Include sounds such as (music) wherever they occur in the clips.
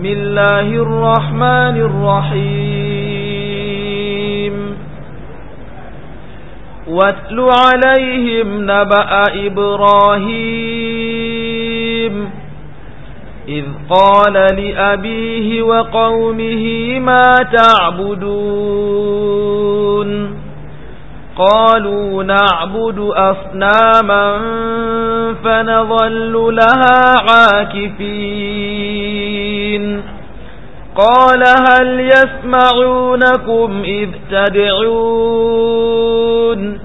بسم الله الرحمن الرحيم واتل عليهم نبأ إبراهيم إذ قال لأبيه وقومه ما تعبدون قالوا نعبد أصناما فنظل لها عاكفين الضالين قال هل يسمعونكم إذ تدعون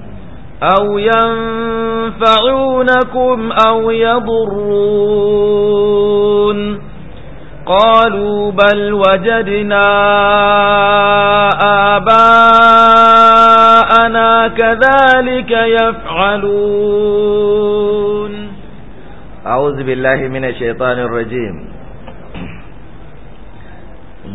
أو ينفعونكم أو يضرون قالوا بل وجدنا آباءنا كذلك يفعلون أعوذ بالله من الشيطان الرجيم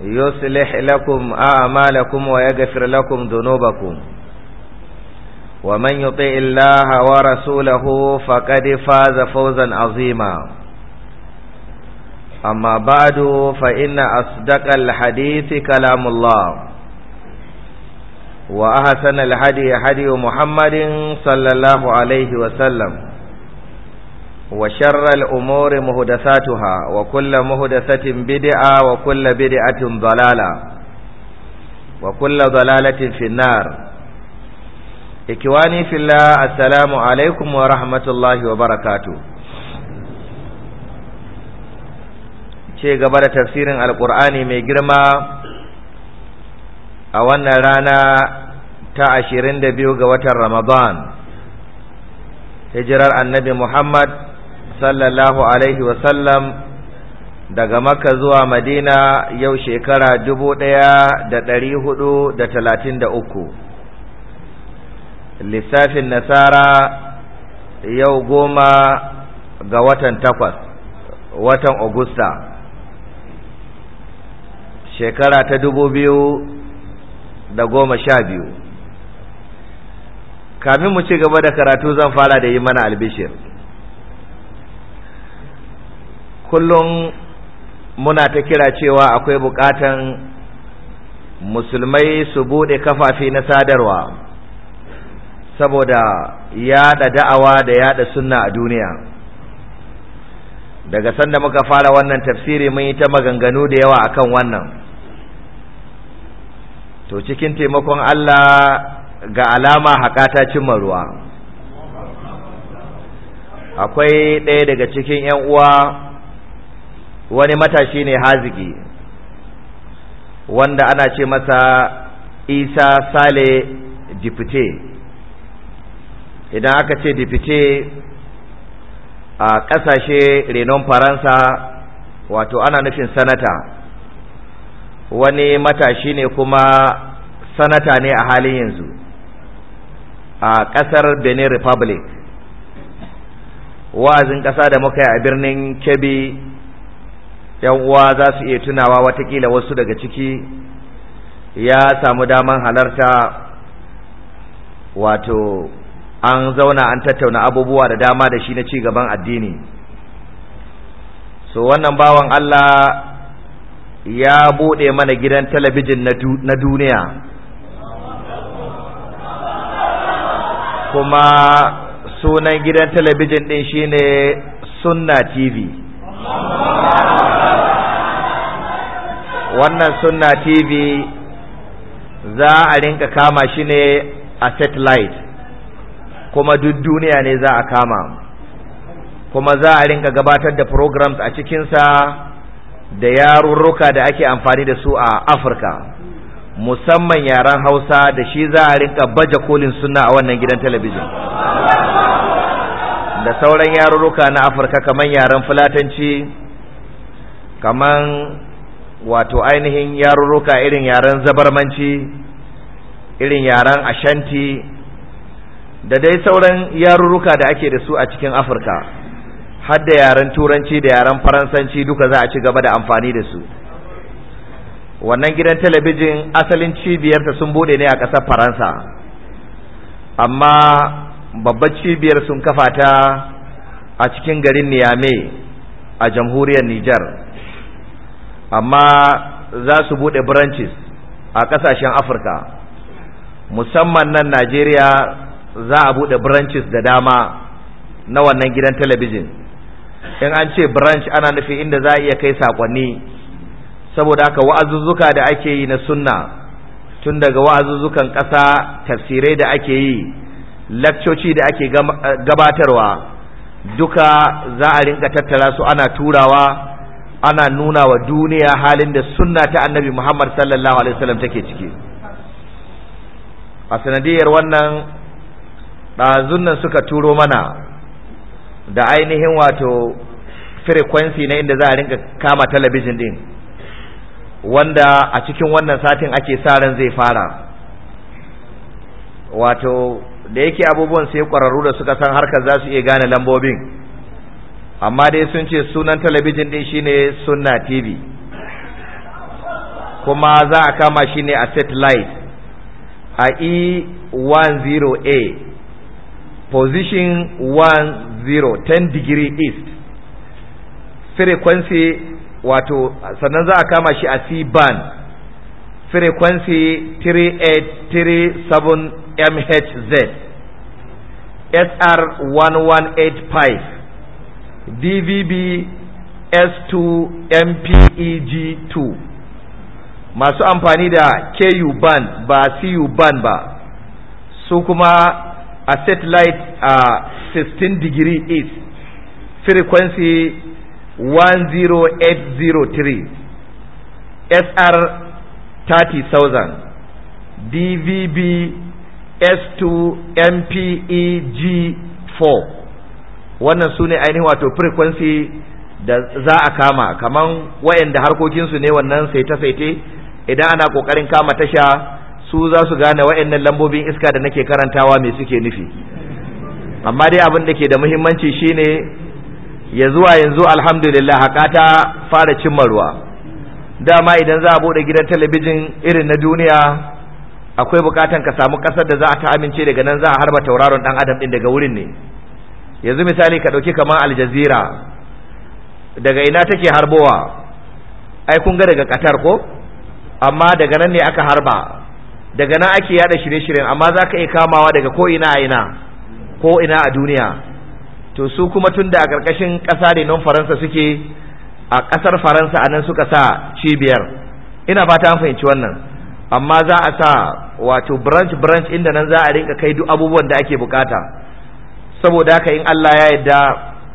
يصلح لكم أعمالكم ويغفر لكم ذنوبكم ومن يطع الله ورسوله فقد فاز فوزا عظيما أما بعد فإن أصدق الحديث كلام الله وأحسن الحدي حدي محمد صلى الله عليه وسلم wa sharral umuri muhdathatuha wa kullu muhdathatin bid'a wa kullu bid'atin dalala wa kullu dalalatin finnar ikiwani filla assalamu alaikum wa rahmatulahi wa barakatu. ce gaba da tafsirin Alƙur'ani mai girma a wannan rana ta ashirin da biyu ga watan ramadan hijirar annabi muhammad sallallahu alaihi wasallam daga makka zuwa madina yau shekara dubu ɗaya da ɗari hudu da talatin da uku lissafin nasara yau goma ga watan takwas watan augusta shekara ta dubu biyu da goma sha biyu kamin mu ci gaba da karatu zan fara da yi mana albishir kullum muna ta kira cewa akwai bukatan musulmai su bude kafafi na sadarwa saboda yada da'awa da yada sunna a duniya daga sanda muka fara wannan tafsiri mun yi ta maganganu da yawa akan wannan to cikin taimakon Allah ga alama haƙata cimma ruwa akwai ɗaya daga cikin 'yan uwa wani matashi ne haziki wanda ana ce masa isa sale dipite idan aka ce dipite a ƙasashe renon faransa wato ana nufin sanata wani matashi ne kuma sanata ne a halin yanzu a ƙasar benin republic wa'azin ƙasa da muka yi a birnin kebi. yan uwa za su iya tunawa watakila wasu daga ciki ya samu daman halarta wato an zauna an tattauna abubuwa da dama da shi na ci gaban addini so wannan bawan Allah ya bude mana gidan talabijin na duniya kuma sunan gidan talabijin din shine sunna tv wannan sunna tv za a rinka kama shi ne a satellite kuma duk duniya ne za a kama kuma za a rinka gabatar da programs a cikinsa da yarurruka da ake amfani da su a afirka musamman yaren hausa da shi za a rinka baje kolin suna a wannan gidan talabijin da sauran yarurruka na afirka kamar yaren fulatanci kamar wato ainihin yarurruka irin yaren zabarmanci irin yaren ashanti da dai sauran yarurruka da ake da su a cikin afirka har da yaren turanci da yaren faransanci duka za a ci gaba da amfani da su wannan gidan talabijin asalin cibiyarta sun bude ne a ƙasar faransa amma babbar cibiyar sun kafa ta a cikin garin niyame a jamhuriyar nijar amma za su buɗe branches a ƙasashen afirka musamman nan najeriya za a buɗe branches da dama na wannan gidan talabijin in an ce branch ana nufi inda za a iya kai sakonni saboda haka wa'azuzzuka da ake yi na sunna tun daga wa'azuzzukan ƙasa tafsirai da ake yi lakcoci da ake gabatarwa duka za a rinka tattara su ana turawa ana nuna wa duniya halin da sunna ta annabi Muhammad sallallahu alaihi wasallam take ciki a sanadiyar wannan ɗazun nan suka turo mana da ainihin wato frequency na inda za a rinka kama talabijin din wanda a cikin wannan satin ake sa ran zai fara wato da yake abubuwan sai kwararru da suka san harkar za su iya gane lambobin amma dai sun ce sunan talabijin din shine sunna tv kuma za a kama shi ne a satellite a e10a position 10 10 degree east frequency wato sannan za a kama shi a c-band frequency 3837 mhz sr 118 pipe dvb s2 mpeg 2 masu amfani da ku ban ba cu ban ba su kuma a satellite a 16 degree east frequency 10803 sr 30000 dvb s2 mpeg 4 wannan su ne ainihin wato frequency da za a kama kaman wayanda harkokinsu ne wannan saita saite idan ana kokarin kama tasha su za su gane wayannan lambobin iska da nake karantawa me suke nufi amma dai abin da ke da muhimmanci shine ya zuwa yanzu alhamdulillah ta fara cimma ruwa dama idan za a bude gidan talabijin irin na duniya akwai bukatan ka samu kasar da za ta amince daga nan za a harba tauraron dan adam din daga wurin ne yanzu misali ka ɗauki kamar aljazira daga ina take harbowa ai kun ga daga qatar ko amma daga nan ne aka harba daga nan ake yada shirye-shiryen amma za ka iya kamawa daga ko ina a ina ko ina a duniya to su kuma tun da a ƙarƙashin ƙasa ne nan faransa suke a ƙasar faransa a nan suka sa cibiyar ina ba ta fahimci wannan amma za a sa wato branch branch inda nan za a rinka kai duk abubuwan da ake bukata saboda haka in Allah ya yarda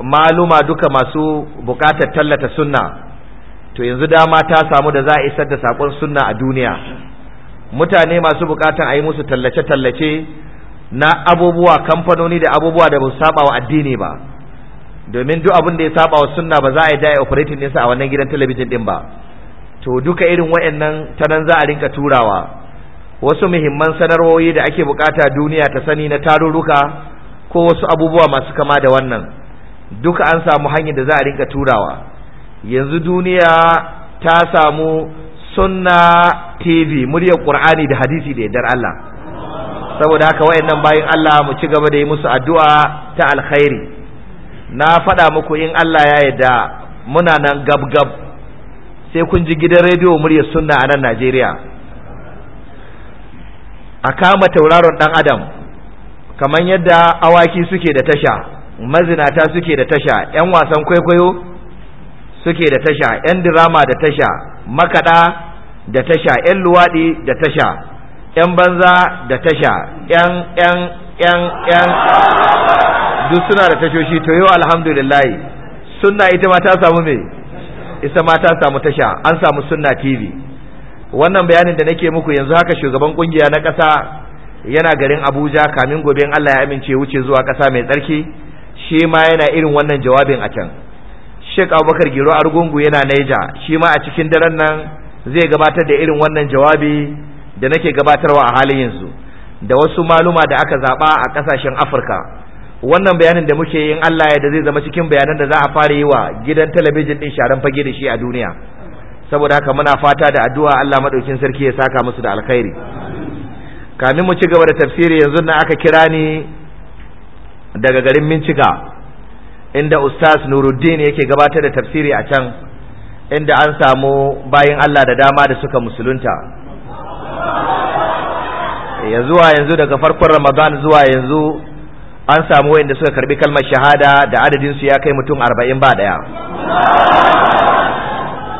maluma duka masu bukatar tallata sunna to yanzu dama ta samu da za a isar da sakon sunna a duniya mutane masu bukatar a yi musu tallace-tallace na abubuwa kamfanoni da abubuwa da ba su saba wa addini ba domin duk abin da ya saba wa sunna ba za a yi da operating ɗinsa a wannan gidan talabijin din ba to duka irin wayannan ta nan za a rinka turawa wasu muhimman sanarwoyi da ake bukata duniya ta sani na tarurruka ko wasu abubuwa masu kama da wannan duka an samu hanyar da za a rinka turawa yanzu duniya ta samu sunna tv muryar qur'ani da hadisi da yardar Allah saboda haka wayannan bayin Allah mu ci gaba da yi musu addu'a ta alkhairi na faɗa muku in Allah ya yarda muna nan gab gab sai kun ji gidan rediyo muryar sunna a nan Najeriya a kama tauraron dan adam kamar yadda awaki suke da tasha mazinata suke da tasha ƴan wasan kwaikwayo suke da tasha ƴan dirama da tasha makada da tasha ƴan luwadi da tasha ƴan banza da tasha ƴan ƴan ƴan ƴan. duk suna da tashoshi to yau alhamdulillah sunna ita ma ta samu me ita ma ta samu tasha an samu sunna tv wannan bayanin da nake muku yanzu haka shugaban kungiya na ƙasa yana garin Abuja kamin gobe Allah ya amince wuce zuwa ƙasa mai tsarki shi ma yana irin wannan jawabin a can Sheikh Abubakar Giro Argungu yana Naija shi ma a cikin daren nan zai gabatar da irin wannan jawabi da nake gabatarwa a halin yanzu da wasu maluma da aka zaba a kasashen Afirka wannan bayanin da muke yin Allah ya da zai zama cikin bayanan da za a fara yi wa gidan talabijin din sharan fage da shi a duniya saboda haka muna fata da addu'a Allah madaukin sarki ya saka musu da alkhairi kamin mu ci gaba da tafsiri yanzu na aka kira ni daga garin Mincika inda Ustaz Nuruddin yake gabatar da tafsiri a can inda an samu bayin Allah da dama da suka musulunta ya zuwa yanzu daga farkon Ramadan zuwa yanzu an samu wayanda suka karbi kalmar shahada da adadin su ya kai mutum arba'in ba daya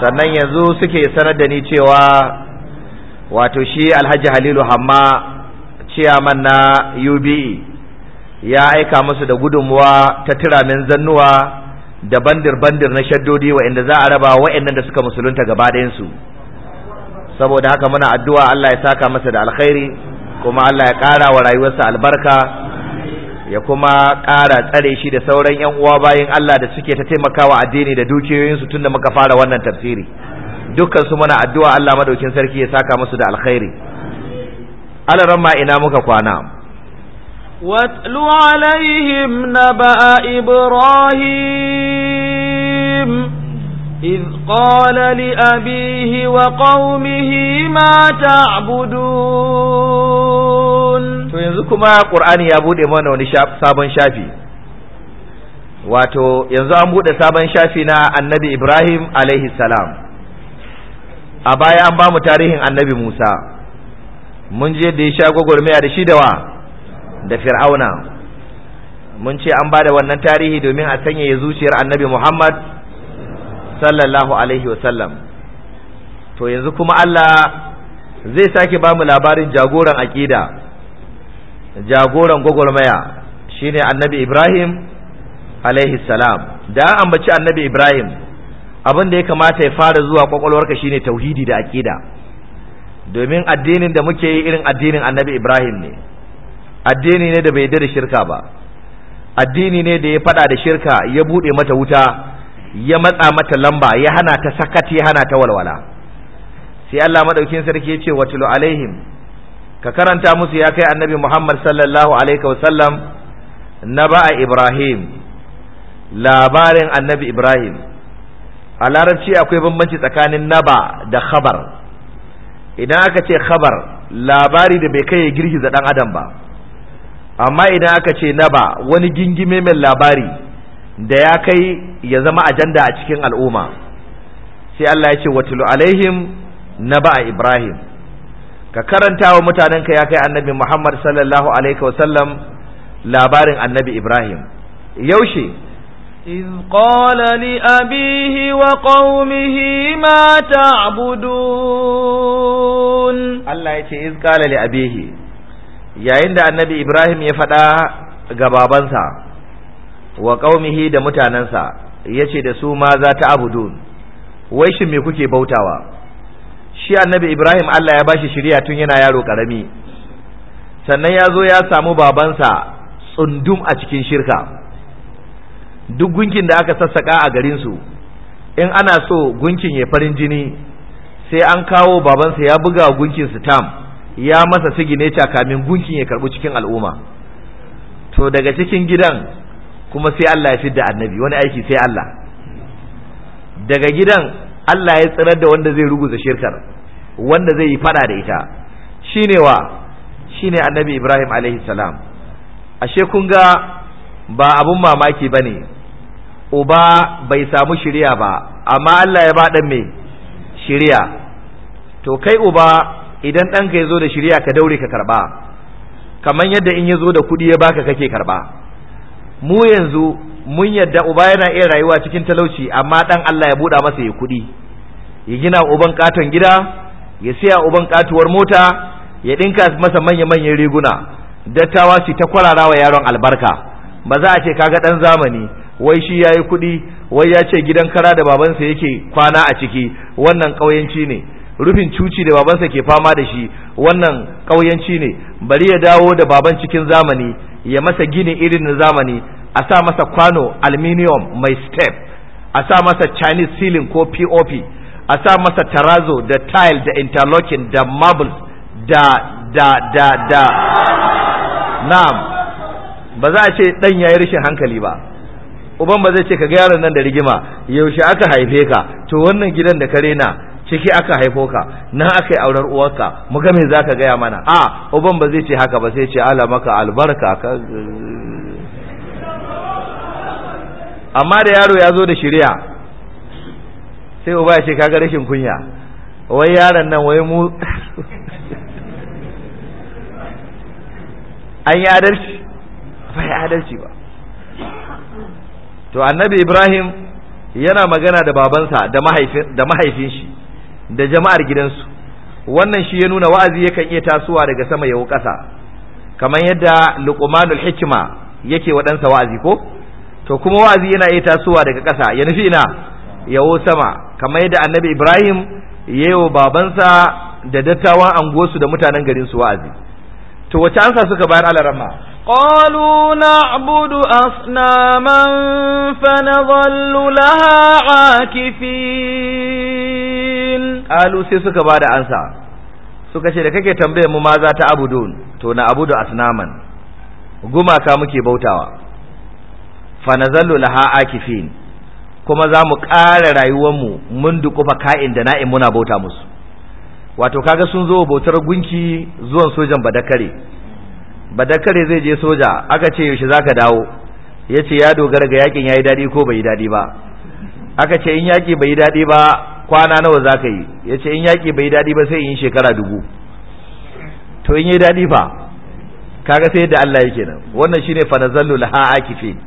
sannan yanzu suke sanar da ni cewa wato shi alhaji halilu hamma ciyaman na ube ya aika musu da gudunmuwa ta tiramin zannuwa da bandir-bandir na shaddodi wa'inda za a raba wa'innan da suka musulunta gaba su saboda haka muna addu'a Allah ya saka masa da alkhairi kuma Allah ya kara wa rayuwarsa albarka ya kuma kara tsare shi da sauran 'yan uwa bayan Allah da suke ta taimakawa addini da dukiyoyinsu tun da muka fara wannan tafsiri. dukkan su muna addu'a Allah madaukin sarki ya saka musu da alkhairi alaran ma ina muka kwana واتل Ibrahim نبأ إبراهيم إذ قال لأبيه وقومه ما تعبدون to yanzu kuma Qur'ani ya bude mana wani sabon shafi wato yanzu an bude sabon shafi na Annabi Ibrahim alaihi salam a baya an ba mu tarihin annabi Musa mun je da ya sha gwagwarmaya da shi da da fir'auna mun ce an ba da wannan tarihi domin a sanya ya zuciyar annabi Muhammad sallallahu alaihi wasallam to yanzu kuma Allah zai sake ba mu labarin jagoran aƙida jagoran gwagwarmaya shine annabi Ibrahim alaihi salam da an ambaci annabi Ibrahim abin da ya kamata ya fara zuwa kwakwalwarka shine tauhidi da aqida domin addinin da muke yi irin addinin annabi ibrahim ne addini ne da bai yarda da shirka ba addini ne da ya fada da shirka ya bude mata wuta ya matsa mata lamba ya hana ta sakati ya hana ta walwala sai Allah madaukin sarki ya ce watulu alaihim ka karanta musu ya kai annabi Muhammad sallallahu alaihi wasallam na ba'a Ibrahim labarin annabi Ibrahim a larabci akwai bambanci tsakanin naba da khabar idan aka ce khabar labari da bai kai girgiza dan adam ba amma idan aka ce naba wani gingime mai labari da ya kai ya zama ajanda a cikin al'umma sai Allah ya ce watulu alaihim naba ibrahim ka karanta wa mutanenka ya kai annabi Muhammad sallallahu alaihi wasallam labarin annabi ibrahim yaushe إذ قال لأبيه وقومه ما تعبدون الله يتي إذ قال لأبيه يا عند النبي إبراهيم يفتح قبابنسا وقومه دا متاننسا yace da su ma za ta abudun wai shin me kuke bautawa shi annabi ibrahim allah ya bashi shirya tun yana yaro karami sannan ya zo ya samu babansa tsundum a cikin shirka duk gunkin da aka sassaka a garinsu in ana so gunkin ya farin jini sai an kawo babansa ya buga gunkin tam ya masa sigine kamin gunkin ya karbi cikin al'umma to daga cikin gidan kuma sai Allah ya fidda annabi wani aiki sai Allah daga gidan Allah ya tsirar da wanda zai ruguza shirkar wanda zai yi fada da ita shine wa shine annabi Ibrahim alaihi salam ashe kun ga ba abun mamaki ba ne uba bai samu shirya ba amma Allah ya ba ɗan mai shirya to kai uba idan ɗanka ya zo da shirya ka daure ka karɓa kamar yadda in ya zo da kuɗi ya baka kake karɓa mu yanzu mun yadda uba yana iya rayuwa cikin talauci amma ɗan Allah ya buɗa masa ya kuɗi ya gina uban katon gida ya siya uban katuwar mota ya ɗinka masa manya-manyan riguna dattawa su ta kwarara wa yaron albarka ba za a ce kaga dan zamani wai shi yayi kuɗi wai ya ce gidan kara da babansa yake kwana a ciki wannan ƙauyenci ne rufin cuci da babansa ke fama da shi wannan ƙauyenci ne bari ya dawo da baban cikin zamani ya masa gini irin na zamani a sa masa kwano aluminium mai step a sa masa chinese ceiling ko pop a sa masa tarazo da tile da interlocking da marbles da da da da na'am ba za a ce dan yayi rashin hankali ba uban ba zai ce ka ga yaron nan da rigima yaushe aka haife ka to wannan gidan da ka rena ciki aka haifo ka nan aka yi aurar uwarka mu ga me zaka gaya mana a uban ba zai ce haka ba sai ce ala maka albarka ka amma da yaro ya zo da shirya sai uba ya ce kaga rashin kunya wai yaron nan wai mu (laughs) an yi adalci Ba ya adalci ba to annabi ibrahim yana magana da babansa da mahaifin da shi da jama'ar gidansu wannan shi ya nuna wa'azi yakan iya tasowa daga sama yau ƙasa kamar yadda luqmanul hikima yake wa wa'azi ko to kuma wa'azi yana iya tasuwa daga ƙasa ya nufi ina yawo sama kamar yadda annabi ibrahim ya yi wa babansa da dattawan anguwarsu da mutanen garin su wa'azi to wace ansa suka bayar alarama قالوا نعبد أصناما فنظل لها عاكفين قالوا سيسك بعد أنسى suka ce da kake tambayar mu ma za ta abudun to na abudu asnaman gumaka muke bautawa fa nazallu laha akifin kuma za mu ƙara rayuwar mu mun dukufa ka'in da na'in muna bauta musu wato kaga sun zo bautar gunki zuwan sojan badakare badakare zai je soja aka ce yaushe zaka dawo Ya ce ya dogara ga yakin yi daɗi ko bai yi daɗi ba aka ce in yaƙi bai yi daɗi ba kwana nawa za ka yi Ya ce in yaƙi bai yi daɗi ba sai in yi shekara dubu to in yi daɗi fa kaga sai yadda Allah yake nan wannan shine fa nazallu laha akifin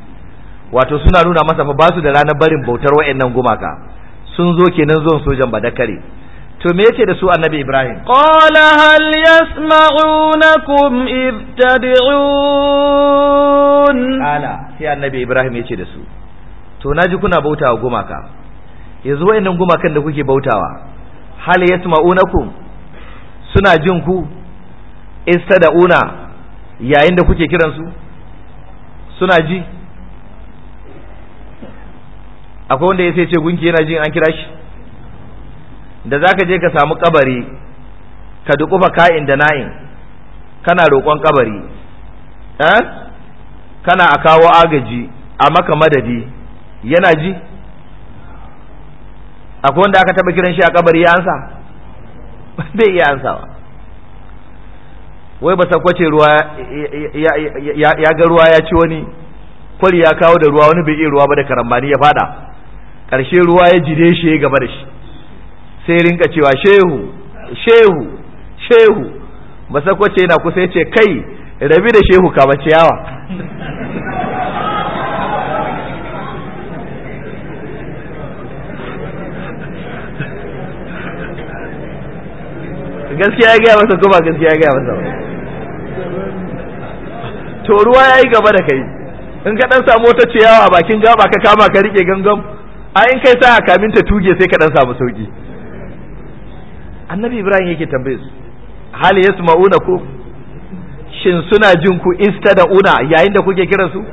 wato suna nuna masa fa basu da ranar barin bautar wayannan gumaka sun zo kenan zuwan sojan badakare to me yake da su annabi ibrahim qala hal yasma'unakum id tad'un ala sai annabi ibrahim yace da su to naji kuna bautawa gumaka yanzu wayannan gumakan da kuke bautawa hal yasma'unakum suna jin ku istada'una yayin da kuke kiransu suna ji akwai wanda ya sai ce gunki yana jin an kira shi da zaka je ka samu kabari ka dukufa ka'in da na'in kana roƙon kabari eh kana a kawo agaji a maka madadi yana ji akwai wanda aka taba kiran shi a kabari ya ansa (laughs) bai iya ba wai ba sa kwace ruwa ya ga ruwa ya ci wani kwari ya kawo da ruwa wani bai iya ruwa ba da karambani ya fada ƙarshe ruwa ya jide shi ya gaba da shi sai rinka cewa shehu shehu shehu masakwace yana kusa ya ce kai rabi da shehu kama ciyawa gaskiya ya gaya masa kuma gaskiya ya gaya masa to ruwa ya yi gaba da kai in ka dan samu wata ciyawa a bakin gaba ka kama ka rike gangan a in kai sa kamin ta tuge sai ka dan samu sauki annabi ibrahim yake tambaye su hal yasma'una ku shin suna jin ku ista una yayin da kuke kira su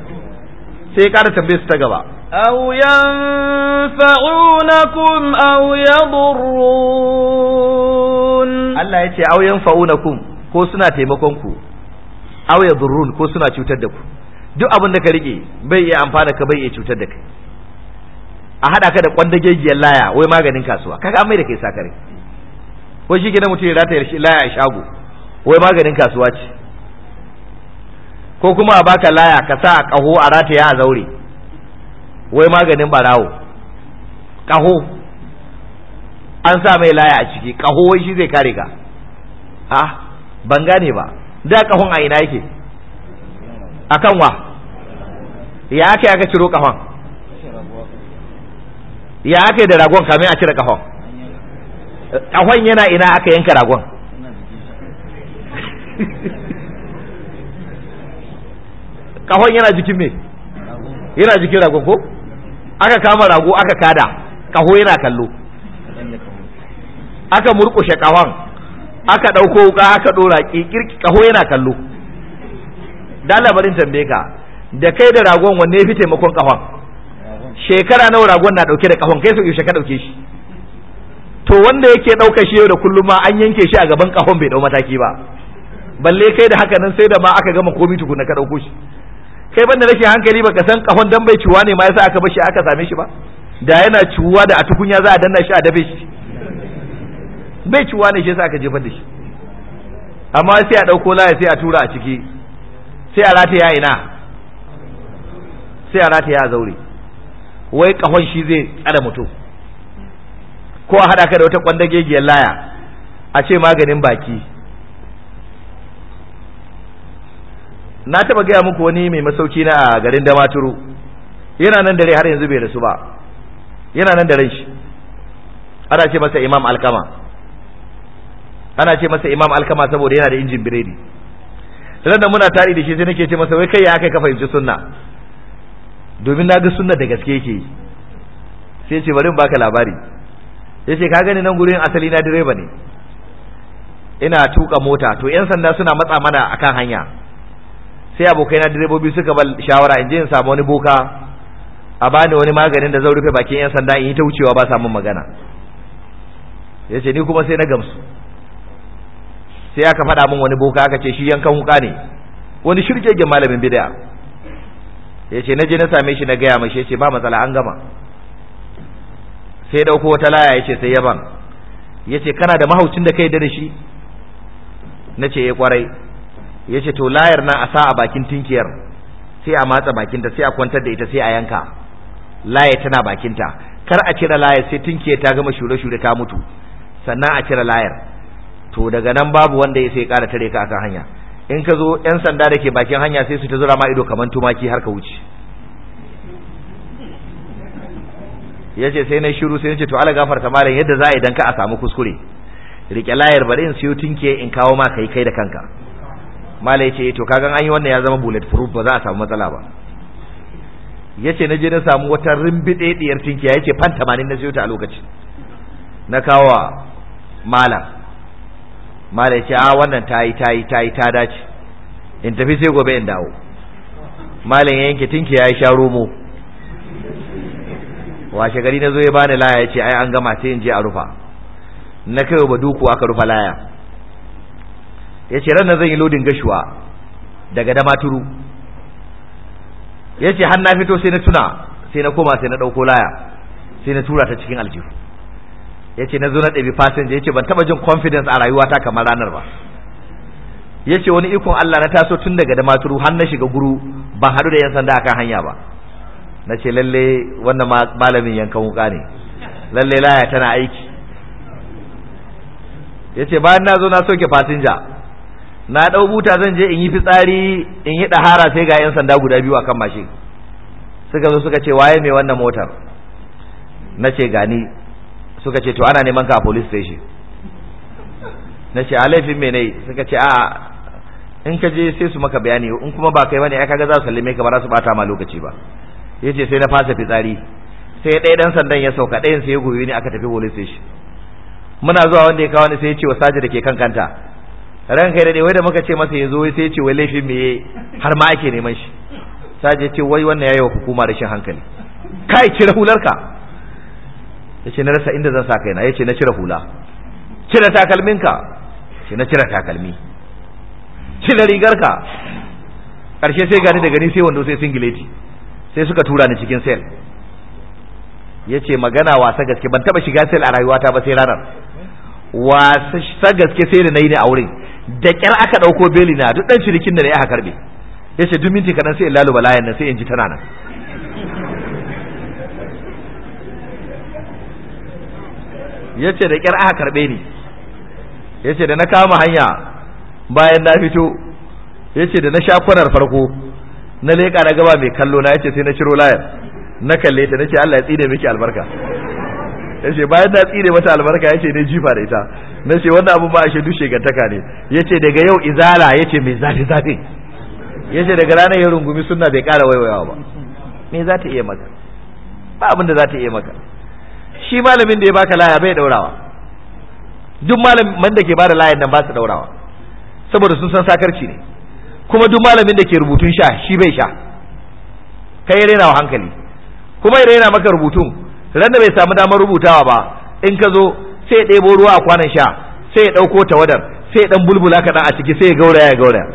sai ƙara tambaye su ta gaba aw yanfa'unakum aw yadurrun Allah yace aw yanfa'unakum ko suna taimakon ku aw yadurrun ko suna cutar da ku duk abin da ka rike bai iya amfana ka bai iya cutar da kai a hada ka da kwandagegiyar laya wai maganin kasuwa kaga an mai da kai sakare wai shi kenan mutum ya rataya laya a shago wai maganin kasuwa ce ko kuma a baka laya ka sa a kaho a rataya a zaure wai maganin barawo kaho an sa mai laya a ciki kaho wai shi zai kare ka a ban gane ba da kahon a ina yake a kan wa ya aka aka ciro kahon ya aka da ragon kamin a cire kahon ƙahon yana ina aka yanka ragon ƙahon yana jikin me yana jikin ragon ko aka kama rago aka kada ƙaho yana kallo aka murƙushe ƙahon aka ɗauko wuka aka ɗora ƙirƙi ƙaho yana kallo da labarin tambaye ka da kai da ragon wanne ya fi taimakon ƙahon shekara nawa ragon na ɗauke da ƙahon kai su yaushe ka ɗauke shi to wanda yake ɗauka shi yau da kullum ma an yanke shi a gaban kahon bai dau mataki ba balle kai da haka nan sai da ma aka gama komi tukuna ka ɗauko shi kai banda rashin hankali baka san kahon dan bai ciwa ne ma yasa aka bashi aka same shi ba da yana ciwa da a tukunya za a danna shi a dafe shi bai ciwa ne shi yasa aka jefar da shi amma sai a ɗauko laya sai a tura a ciki sai a rataya ina sai a rataya a zaure wai kahon shi zai tsare mutum ko a haɗa ka da wata gegiyar laya a ce maganin baki na taɓa gaya muku wani mai masauki na a garin damaturu yana nan dare har yanzu bai rasu ba yana nan da shi ana ce masa imam alkama ana ce masa imam alkama saboda yana da injin biredi sannan muna tari da shi sai nake ce masa wai kai ya aka kafa fahimci sunna domin na ga sunna da gaske yake sai ce bari ba baka labari ya ce ka gani nan gurin asali na direba ne ina tuka mota to yan sanda suna matsa mana akan hanya sai abokai na direbobi suka bal shawara in je in samu wani boka a bani wani maganin da zan rufe bakin yan sanda in yi ta wucewa ba samun magana ya ce ni kuma sai na gamsu sai aka faɗa min wani boka aka ce shi yankan wuka ne wani shirgegen malamin bid'a ya ce na je na same shi na gaya mai shi ya ce ba matsala an gama sai dauko wata laya yace sai yaban yace kana da mahaucin da kai da shi nace ya eh, kwarai yace to layar na a sa a bakin tinkiyar sai a matsa bakinta sai a kwantar da ita sai a yanka laya tana bakinta kar a cire layar sai tinkiyar ta gama shure-shure ta mutu sannan a cire layar to daga nan babu wanda ya sai kara tare ka akan hanya in ka zo 'yan sanda da ke bakin hanya sai su ta zura ma ido kamar tumaki har ka wuce yace sai na shiru sai na ce to ala gafarta malam yadda za a idan ka a samu kuskure rike layar bari in siyo tinke in kawo ma kai kai da kanka malam ce eh to kagan an yi wannan ya zama bullet proof ba za a samu matsala ba yace na je na samu wata rimbide diyar tinke yace fan tamanin na siyo ta a lokaci na kawo malam malam ce a wannan ta yi ta yi ta yi ta dace in tafi sai gobe in dawo malam yanke tinke ya sha romo washe gari na zo ya bani laya ya ce ai an gama sai in je a rufa na kai wa duku aka rufa laya ya ce ran na zan yi lodin gashuwa daga damaturu ya ce har na fito sai na tuna sai na koma sai na ɗauko laya sai na tura ta cikin aljihu ya ce na zo na ɗabi fasinja ya ce ban taɓa jin confidence a rayuwata kamar ranar ba ya ce wani ikon Allah na taso tun daga damaturu har na shiga guru ban haɗu da 'yan sanda akan hanya ba na ce lalle wannan malamin yankan wuka ne lalle laya tana aiki ya ce bayan na zo na soke fasinja na ɗau buta zan je in yi fitsari in yi ɗahara sai ga 'yan sanda guda biyu a kan mashin suka zo suka ce waye mai wannan motar na ce gani suka ce to ana neman ka a police station na ce a laifin nai suka ce a in ka je sai su maka bayani in kuma ba kai bane ya kaga za su sallame ka ba za su bata ma lokaci ba ya ce sai na fasa fitsari sai ɗaya ɗan sandan ya sauka ɗayan sai ya goyi ni aka tafi police station muna zuwa wanda ya kawo ni sai ya ce wa saji da ke kan kanta ran kai da ne wai da muka ce masa ya zo sai ya ce wai laifin me har ma ake neman shi saji ya ce wai wannan yayi wa hukuma rashin hankali kai cire hularka ce na rasa inda zan sa kaina ce na cire hula cire takalminka ce na cire takalmi cire rigarka ƙarshe sai gani da gani sai wando sai singileti sai suka tura ni cikin sel yace magana wasa gaske ban taba shiga sel a rayuwata ba sai ranar wasa gaske sai da nayi ne a wurin da kyar aka dauko beli na duk dan shirikin da ne aka karbe yace duk minti kadan sai in laluba nan sai in tana nan yace da kyar aka karbe ni yace da na kama hanya bayan na fito yace da na sha farko na leƙa na gaba mai kallo na yace sai na ciro layar na kalle ta nace Allah ya tsine miki albarka yace bayan na tsine mata albarka yace ne jifa da ita nace wannan abu ba a shaidu shegantaka ne yace daga yau izala yace mai zafi zafi yace daga ranar ya rungumi sunna bai ƙara waiwayawa ba me za ta iya maka ba abin da za ta iya maka shi malamin da ya baka laya bai daurawa duk malamin da ke bada layar nan ba su daurawa saboda sun san sakarci ne kuma duk malamin da ke rubutun sha shi bai sha kai raina wa hankali kuma ya raina maka rubutun ran da bai samu damar rubutawa ba in ka zo sai ya ɗebo ruwa a kwanan sha sai ya ɗauko tawadar sai ya ɗan bulbula kaɗan a ciki sai ya gauraya ya gauraya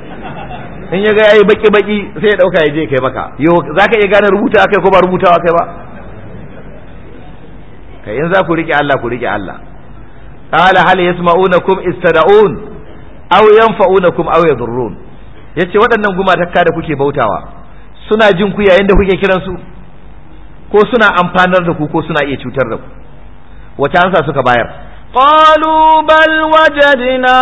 in ya ga yayi baki baki sai ya ɗauka ya je kai maka yo ka iya gane rubuta akai ko ba rubutawa kai ba kai in za ku riƙe Allah ku riƙe Allah qala hal yasma'unakum istada'un aw yanfa'unakum aw yadurrun yace waɗannan gumatakka da kuke bautawa suna jin ku yayin da kuke kiransu ko suna amfanar da ku ko suna iya cutar da ku wace ansa suka bayar قالوا بل وجدنا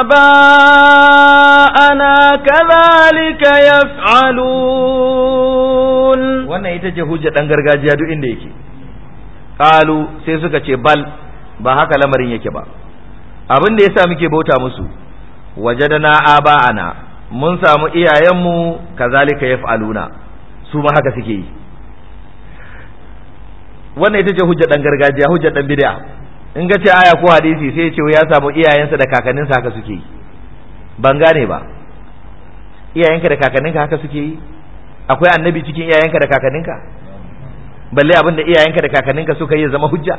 آباءنا كذلك يفعلون wannan ita ce hujja dan gargajiya duk inda yake qalu sai suka ce bal ba haka lamarin yake ba abin da yasa muke bauta musu wajadana aba'ana mun samu iyayenmu kazalika yaf'aluna su ma haka suke yi wannan ita ce hujjar dan gargajiya hujjar dan bid'a in ga ce aya ko hadisi sai ya ce ya samu iyayensa da kakanninsa haka suke yi ban gane ba iyayenka da kakanninka haka suke yi akwai annabi cikin iyayenka da kakanninka balle abin da iyayenka da kakanninka suka yi zama hujja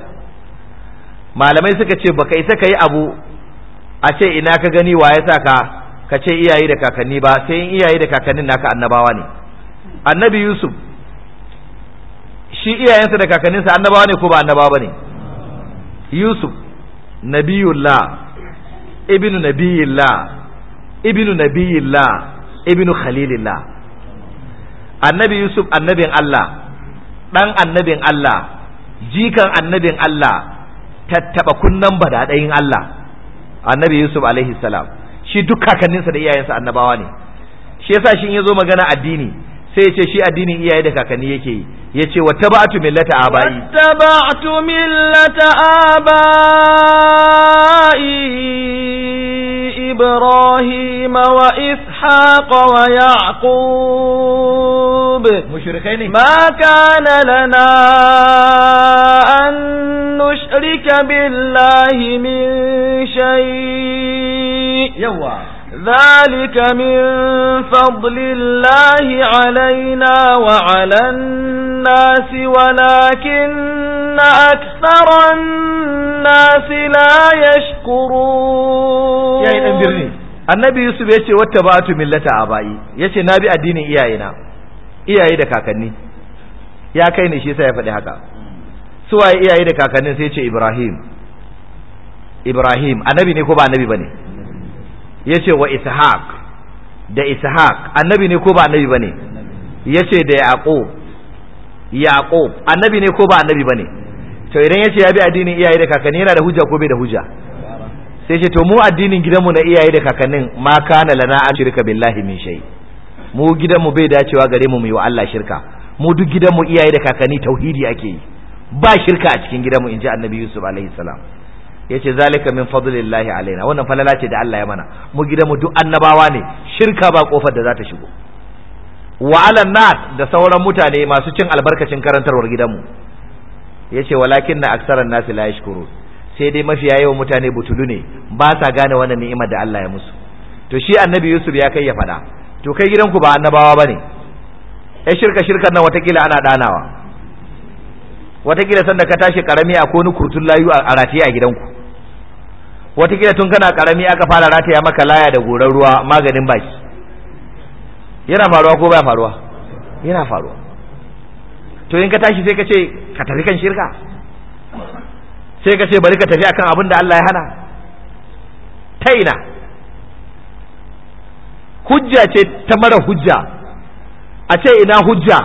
malamai suka ce baka isa ka yi abu a ce ina ka gani wa ya sa ka ka ce iyaye da kakanni ba sai in iyaye da kakannin naka annabawa ne annabi yusuf shi iyayensa da kakanninsa annabawa ne ko ba annabawa ba ne yusuf nabiyullah ibnu nabiyillah ibnu nabiyillah ibnu khalilillah annabi yusuf annabin allah dan annabin allah jikan annabin allah tattaba kunnan badaɗayin allah annabi yusuf alaihi salam shi duk kakanninsa da iyayensa annabawa ne shi yasa shi in zo magana addini sai ya ce shi addinin iyaye da kakanni yake yi ya ce wa taba'atu millata abai taba'atu millata abai ibrahim wa ishaq wa yaqub mushrikai ne ma kana lana an nushrika billahi min shay yawa ذلك من فضل الله علينا وعلى الناس ولكن أكثر الناس لا يشكرون يا إنبرني annabi yusuf ya ce wata ba millata a bayi ya na bi addinin iyayena iyaye da kakanni ya kai shi yasa ya faɗi haka suwaye iyaye da kakannin sai ce ibrahim ibrahim annabi ne ko ba annabi ba ne yace wa ishaq da ishaq annabi ne ko ba annabi bane ce da yaqub yaqub annabi ne ko ba annabi bane to idan ya ce ya bi addinin iyaye da kakanni yana da hujja ko bai da hujja sai ce to mu addinin gidanmu na iyaye da kakannin ma kana lana an shirka billahi min shay mu gidanmu bai dacewa gare mu mu yi wa Allah shirka mu duk gidanmu iyaye da kakanni tauhidi ake yi ba shirka a cikin gidanmu inji annabi yusuf alaihi salam ya ce zalika min fadlillahi alaina wannan falala ce da Allah ya mana mu gida mu duk annabawa ne shirka ba kofar da za ta shigo wa ala nas da sauran mutane masu cin albarkacin karantarwar gidanmu yace walakin na aksaran nas la yashkuru sai dai mafiya yawan mutane butulu ne ba sa gane wannan ni'imar da Allah ya musu to shi annabi yusuf ya kai ya faɗa to kai gidanku ba annabawa bane ya shirka shirkan nan watakila ana danawa watakila sanda ka tashi karami a koni kurtun layu a ratiye a gidanku watakila tun kana karami aka fara rataya maka laya da goran ruwa maganin baki yana faruwa ko baya faruwa yana faruwa to in ka tashi sai ka ce ka tafi kan shirka sai ka ce bari ka tafi akan abin da Allah ya hana ta ina hujja ce ta mara hujja a ce ina hujja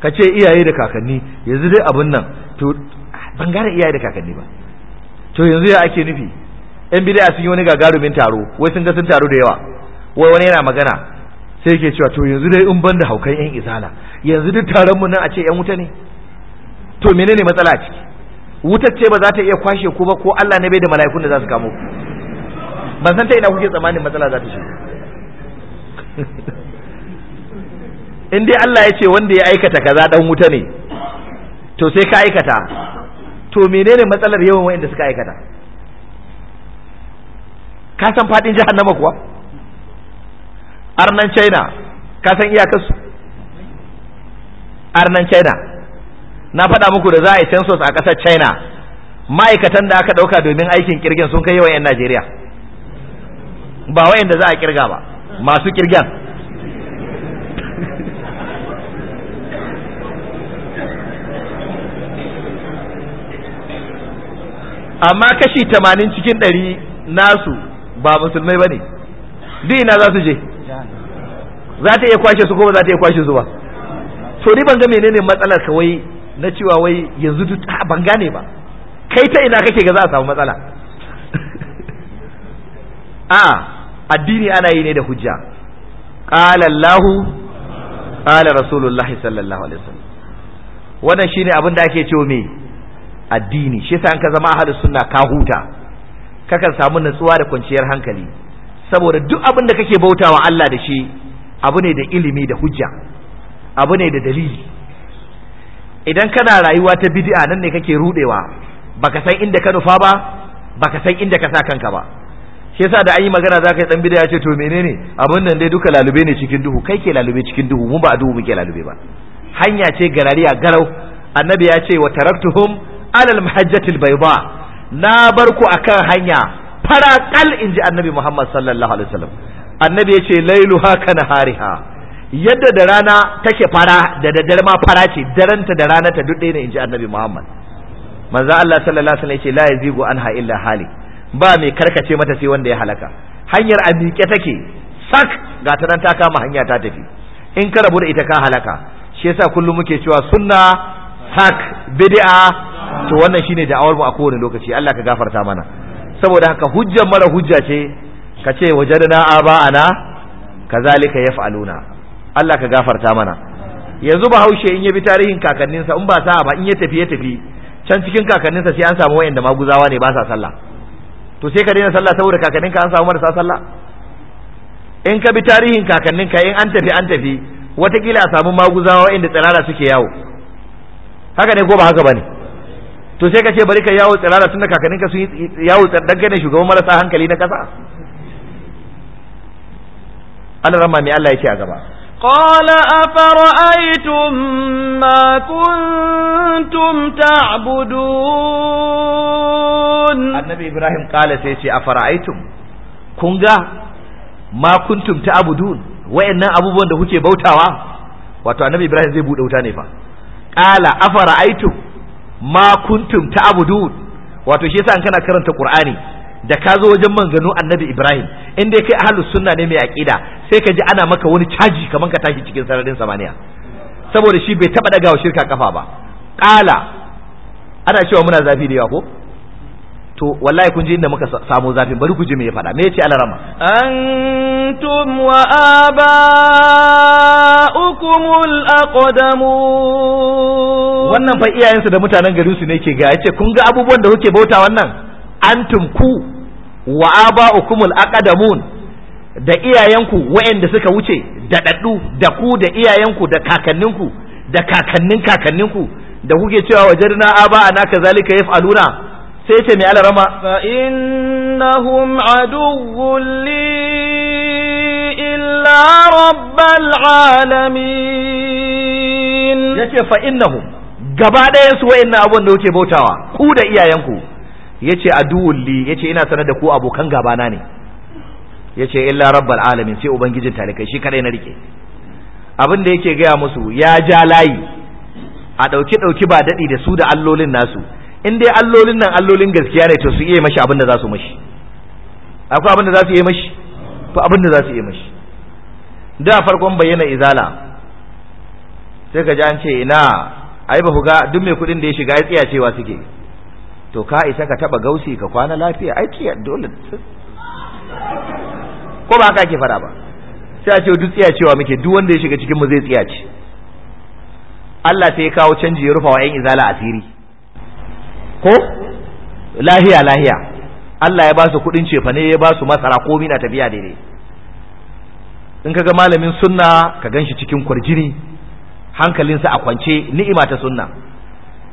ka ce iyaye da kakanni yanzu dai abin nan to ban gane iyaye da kakanni ba to yanzu ya ake nufi yan bid'a sun yi wani gagarumin taro wai sun ga sun taro da yawa wai wani yana magana sai yake cewa to yanzu dai in banda haukan yan izala yanzu duk taron mu nan a ce yan wuta ne to menene matsala a ciki wutar ce ba za ta iya kwashe ku ba ko Allah ne bai da mala'ikun da za su kamo ku ban san ta ina kuke tsammanin matsala za ta shigo (laughs) in dai Allah ya ce wanda ya aikata kaza dan wuta ne to sai ka aikata to menene matsalar yawan wa'anda suka aikata ka san fadin jahannama kuwa arnan china ka san iyakarsu arnan china na faɗa muku da za a yi census a ƙasar china ma'aikatan da aka ɗauka domin aikin kirgin sun kai yawan 'yan najeriya ba wayanda za a kirga ba masu kirgin amma kashi tamanin cikin ɗari nasu ba musulmai bane duk ina za su je za ta iya kwashe su ko ba za ta iya kwashe su ba to ni ban ga menene matsalar ka wai na cewa wai yanzu duk ban gane ba kai ta ina kake ga za a samu matsala (laughs) a addini ana yi ne da hujja qala allah qala rasulullahi sallallahu alaihi wasallam wannan shine abin da ake cewa me addini shi yasa an ka zama ahlus sunna ka huta kakan samu natsuwa da kwanciyar hankali saboda duk abin da kake bautawa Allah da shi abu ne da ilimi da hujja abu ne da dalili idan kana rayuwa ta bid'a nan ne kake rudewa baka san inda ka nufa ba baka san inda ka sa kanka ba shi yasa da an yi magana zaka yi dan bid'a ce to menene abin nan dai duka lalube ne cikin duhu kai ke lalube cikin duhu mu ba duhu muke lalube ba hanya ce garariya garau annabi ya ce wa taraktuhum alal mahajjatil bayda na bar ku akan hanya faraƙal in ji annabi Muhammad sallallahu alaihi wasallam annabi ya ce lailu haka na hariha yadda da rana take fara da daddare ma fara ce daranta da rana ta duk ne in ji annabi Muhammad manzo Allah sallallahu alaihi wasallam ya ce la yazigu anha illa hali. ba mai karkace mata sai wanda ya halaka hanyar a miƙe take sak ga ta nan ta kama hanya ta tafi in ka rabu da ita ka halaka shi yasa kullum muke cewa sunna hak bid'a to wannan shine da'awar mu a kowane lokaci Allah ka gafarta mana saboda haka hujjar mara hujja ce ka ce wajadna aba'ana kazalika yaf'aluna Allah ka gafarta mana yanzu bahaushe in ya bi tarihin kakanninsa in ba sa'a ba in ya tafi ya tafi can cikin kakanninsa sai an samu wayanda maguzawa ne ba sa sallah to sai ka daina sallah saboda kakanninka an samu marasa sallah in ka bi tarihin kakanninka in an tafi an tafi watakila a samu maguzawa inda tsirara suke yawo haka ne ko ba haka bane to sai ka ce bari ka yawo tsirara tun da kakanninka sun yawo tsirdan ganin shugaban marasa hankali na kasa An rama mai Allah ya ce a gaba قال أفرأيتم ما كنتم تعبدون النبي إبراهيم قال سيسي أفرأيتم كنغا ما كنتم تعبدون وإن أبو بند هكي بوتاوا النبي إبراهيم زي بود قال أفرأيتم ma kuntum ta'budun wato shi yasa an kana karanta qur'ani da ka zo wajen manganu annabi ibrahim in dai kai ahlus sunna ne mai aqida sai ka ji ana maka wani caji kaman ka tashi cikin sararin samaniya saboda shi bai taba daga shirka kafa ba qala ana cewa muna zafi da yawa ko to wallahi kun ji inda muka samu zafi, bari ku ji me ya faɗa me yace alarama antum wa aba kumul aqdamu wannan fa iyayensu da mutanen garin su ne ke ga yace kun ga abubuwan da kuke bauta wannan antum ku wa aba'ukumul aqdamun da iyayenku waɗanda suka wuce da daddu da ku da iyayenku da kakanninku da kakannin kakanninku da kuke cewa wajarna aba'ana kazalika yaf'aluna sai ce mai alarama fa innahum aduwwul رب العالمين yace fa innahum gaba ɗayan su wayannan abun da kuke bautawa ku da iyayenku yace aduwulli yace ina sanar da ku abokan gaba na ne yace illa rabbal alamin sai ubangijin talikai shi kadai na rike abin da yake gaya musu ya ja layi a dauki dauki ba daɗi da su da allolin nasu in dai allolin nan allolin gaskiya ne to su iya mashi abin da za su mashi akwai abin da za su iya mashi to abin da za su iya mashi da farkon bayyana izala sai ka ji an ce ina ai ba ku ga duk mai kuɗin da ya shiga ya cewa suke to ka isa ka taba gausi ka kwana lafiya ai tsiya dole ko ba ka ke fara ba sai a ce duk tsiya cewa muke duk wanda ya shiga cikin mu zai ce. Allah sai ya kawo canji ya rufa wa 'yan izala asiri ko lahiya lahiya Allah ya ba su kuɗin cefane ya ba su masara komi na tafiya daidai in ka ga malamin sunna ka ganshi cikin kwarjini hankalinsa a kwance ni'ima ta sunna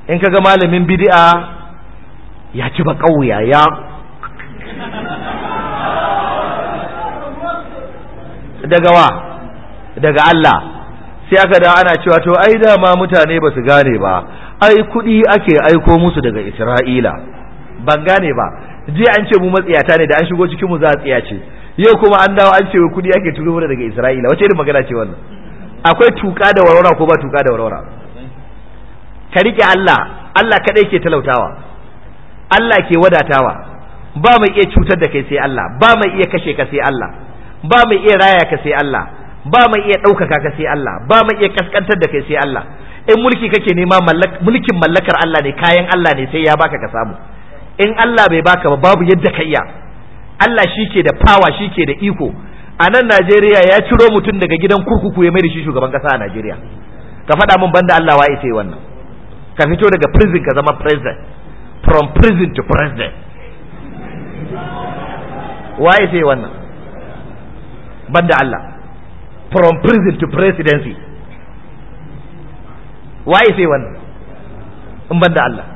in kaga malamin bid'a ya ci ba kauya ya daga wa daga Allah sai aka da ana cewa to ai da ma mutane ba su gane ba ai kuɗi ake aiko musu daga Isra'ila ban gane ba Jiya an ce mu matsiyata ne da an shigo cikin mu za a tsiyace yau kuma an dawo an ce wai kudi ake turo mana daga Isra'ila wace irin magana ce wannan akwai tuka da warwara ko ba tuka da warwara ka rike Allah Allah kadai ke talautawa Allah ke wadatawa ba mai iya cutar da kai sai Allah ba mai iya kashe ka sai Allah ba mai iya raya ka sai Allah ba mai iya ɗaukaka ka sai Allah ba mai iya kaskantar da kai sai Allah in mulki kake nema mulkin mallakar Allah ne kayan Allah ne sai ya baka ka samu in Allah bai baka ba babu yadda ka iya Allah shi ke da fawa shi ke da iko a nan Najeriya ya ciro mutum daga gidan kurkuku ya mai da shi shugaban kasa a Najeriya ka faɗa min banda Allah wa ita wannan ka fito daga prison ka zama president from prison to president wa ita wannan banda Allah from prison to presidency wa ita wannan in banda Allah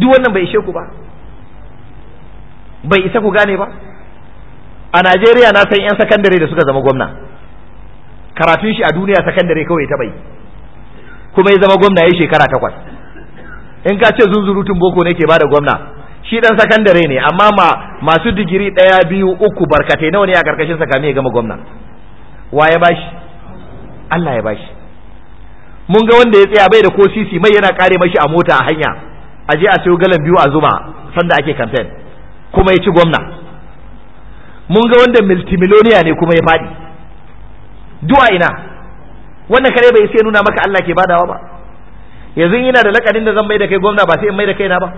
duk wannan bai ishe ku ba bai isa ku gane ba a Najeriya na san 'yan sakandare da suka zama gwamna karatun shi a duniya sakandare kawai ta bai kuma ya zama gwamna ya shekara takwas in ka ce zunzurutun boko ne ke bada gwamna shi dan sakandare ne amma ma masu digiri ɗaya biyu uku barkatai nawa ne a karkashin sa ya gama gwamna wa ya bashi Allah ya bashi mun ga wanda ya tsaya bai da ko sisi mai yana kare mashi a mota a hanya a je a sayo galan biyu a zuma sanda ake campaign kuma ya ci gwamna mun ga wanda multimiloniya ne kuma ya faɗi du'a ina wannan kare bai sai nuna maka Allah ke badawa ba yanzu ina da lakarin da zan mai da kai gwamna ba sai in mai da kaina ba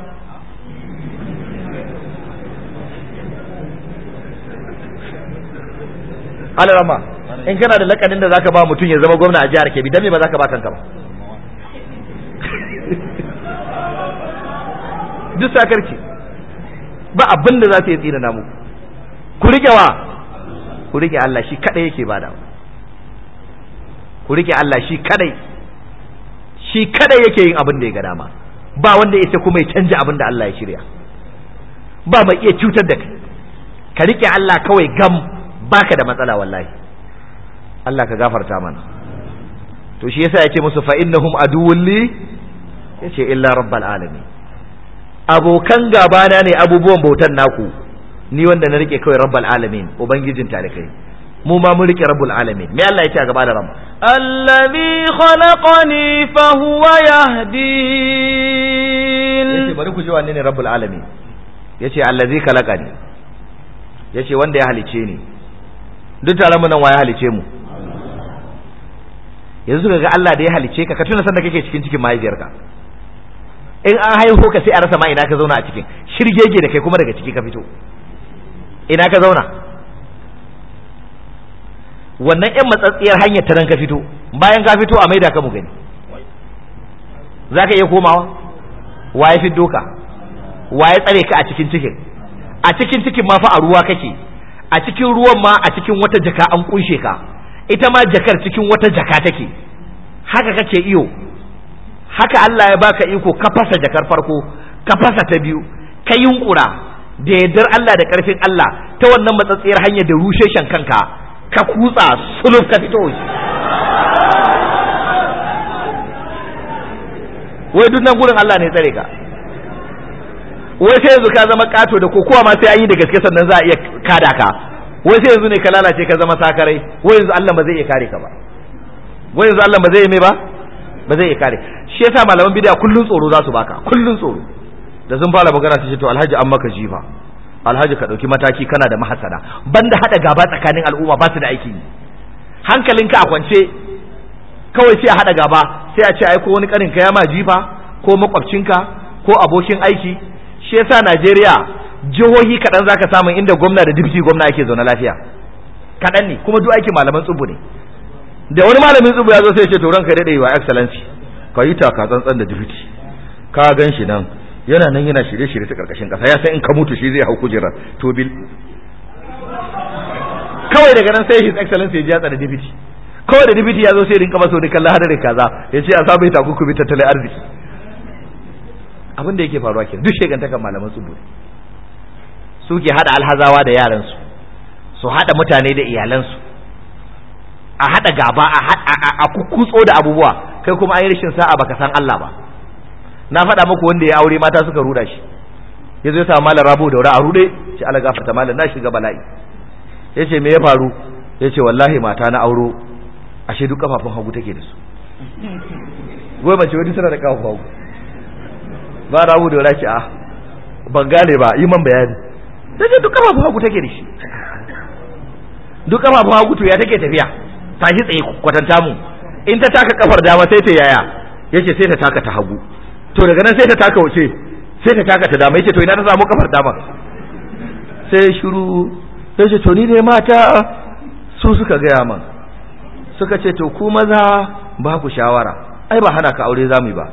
alarama in kana da lakanin da zaka ba mutum ya zama gwamna a jihar Kebbi dan me ba zaka ba kanka ba (laughs) duk sakarki ba abin da za su yi tsina na mu ku rike wa ku rike Allah shi kadai yake bada ku rike Allah shi kadai shi kadai yake yin abin da ya ga dama ba wanda ya kuma ya canja abin da Allah ya shirya ba mai iya cutar da kai ka rike Allah kawai gam baka da matsala wallahi Allah ka gafarta mana to shi yasa ce musu fa innahum aduwwun li yace illa rabbal'alami. alamin abokan gabana ne abubuwan bautan naku ni wanda na rike kawai rabbal alamin ubangijin talikai mu ma mun rike rabbul alamin me Allah ya ce a gaba da ramu allazi khalaqani fa huwa yahdin yace bari ku ji wanne ne rabbul alamin yace allazi khalaqani yace wanda ya halice ni duk tare mu nan waye halice mu yanzu ga Allah da ya halice ka ka tuna sanda kake cikin cikin mahaifiyarka in an haihu ka sai a rasa ma ina ka zauna a cikin shirgege da kai kuma daga ciki ka fito ina ka zauna wannan yan matsatsiyar hanyar ta nan ka fito bayan ka fito a maida ka mu gani za ka iya komawa waye fi doka waye tsare ka a cikin cikin a cikin cikin ma fa a ruwa kake a cikin ruwan ma a cikin wata jaka an kunshe ka ita ma jakar cikin wata jaka take haka kake iyo haka Allah ya baka iko ka fasa jakar farko ka fasa ta biyu ka yunkura da yardar Allah da karfin Allah ta wannan matsatsiyar hanya da rushe shan kanka ka kutsa suluf ka fito wai duk nan gurin Allah ne tsare ka wai sai yanzu ka zama kato da kokowa ma sai an yi da gaske sannan za a iya kada ka wai sai yanzu ne ka lalace ka zama sakarai wai yanzu Allah ba zai iya kare ka ba wai yanzu Allah ba zai yi mai ba ba zai iya kare shi yasa malaman bid'a kullun tsoro za su baka kullun tsoro da sun fara magana su ce to alhaji an maka jifa alhaji ka dauki mataki kana da mahasada banda hada gaba tsakanin al'umma ba su da aiki hankalinka a kwance kawai sai a hada gaba sai a ce ai ko wani karin ka ya ma jifa ko makwabcinka ko abokin aiki shi yasa Najeriya jihohi kaɗan zaka samu inda gwamna da dibiti gwamna ake zaune lafiya kaɗan ne kuma duk aikin malaman tsubu ne da wani malamin tsubu ya zo sai ya ce to ranka dade wa excellency ka yi taka tsantsan da dubiti ka gan shi nan yana nan yana shirye-shirye ta karkashin kasa ya san in ka mutu shi zai hau kujera to bil kawai daga nan sai his excellency ya ji ya tsara jibiti kawai da dubiti ya zo sai rinka masa wani kallon hadarin kaza ya ce a sa bai kubi tattalin arziki abin da yake faruwa ke duk shekara-takan malaman tsubu su ke hada alhazawa da yaransu su hada mutane da iyalansu a haɗa gaba a kukkutso da abubuwa kai kuma an yi rashin sa'a baka san Allah ba na faɗa muku wanda ya aure mata suka ruda shi ya zai ya samu malam rabu da wuri a rude shi ala gafarta malam na shiga bala'i ya ce me ya faru ya ce wallahi mata na auro ashe duk kafafun hagu take da su goyi mace wani suna da kafafun hagu ba rabu da wuri ce a ah, ban gane ba yi man bayani ta ce duk kafafun hagu take da shi duk kafafun hagu to ya take tafiya tashi tsaye kwatanta mu in ta taka kafar dama sai ta yaya yace sai ta taka ta hagu to daga nan sai ta taka wace sai ta taka ta dama yace to ina ta samu kafar dama sai shiru sai ce to ni ne mata su suka gaya man suka ce to ku maza ba ku shawara ai ba hana ka aure zamu ba